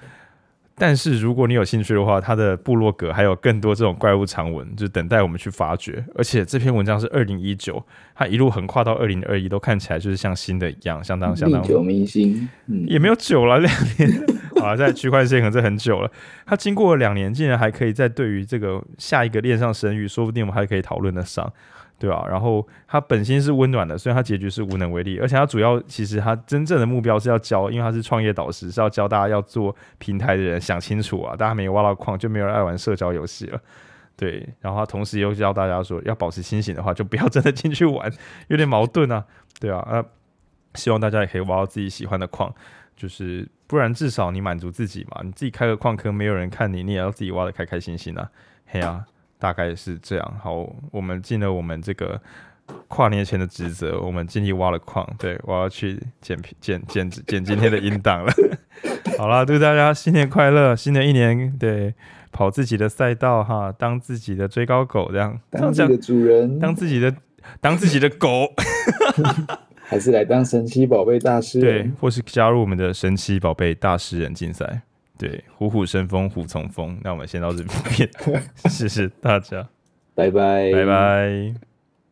但是如果你有興趣的話，他的部落格還有更多這種怪物長文，就等待我們去發掘。而且這篇文章是二零一九，他一路橫跨到二零二一，都看起來就是像新的一樣，相當相當。歷久彌新、嗯、也沒有久了兩年，好像在區塊鏈可是很久了。他 經過了兩年，竟然還可以在對於這個下一個鏈上生育，說不定我們還可以討論得上。對啊，然後他本心是溫暖的，雖然他結局是無能為力，而且他主要其實他真正的目標是要教，因為他是創業導師，是要教大家要做平台的人想清楚啊。大家沒挖到礦，就沒有人愛玩社交遊戲了，對。然後他同時又教大家說，要保持清醒的話，就不要真的進去玩，有點矛盾啊，對啊。那希望大家也可以挖到自己喜歡的礦，就是不然至少你滿足自己嘛。你自己開個礦坑，沒有人看你，你也要自己挖得開開心心啊，嘿啊。大概是這樣。好，我們盡了我們這個跨年前的職責，我們盡力挖了礦。對，我要去剪剪剪剪今天的音檔了。 好啦，祝大家新年快樂，新的一年，對，跑自己的賽道哈，當自己的追高狗，這樣，當自己的主人，當自己的當自己的狗， 還是來當神奇寶貝大師？對，或是加入我們的神奇寶貝大師人競賽。對，虎虎生風，虎從風。那我們先到這邊， 謝謝大家，拜拜 bye，拜拜。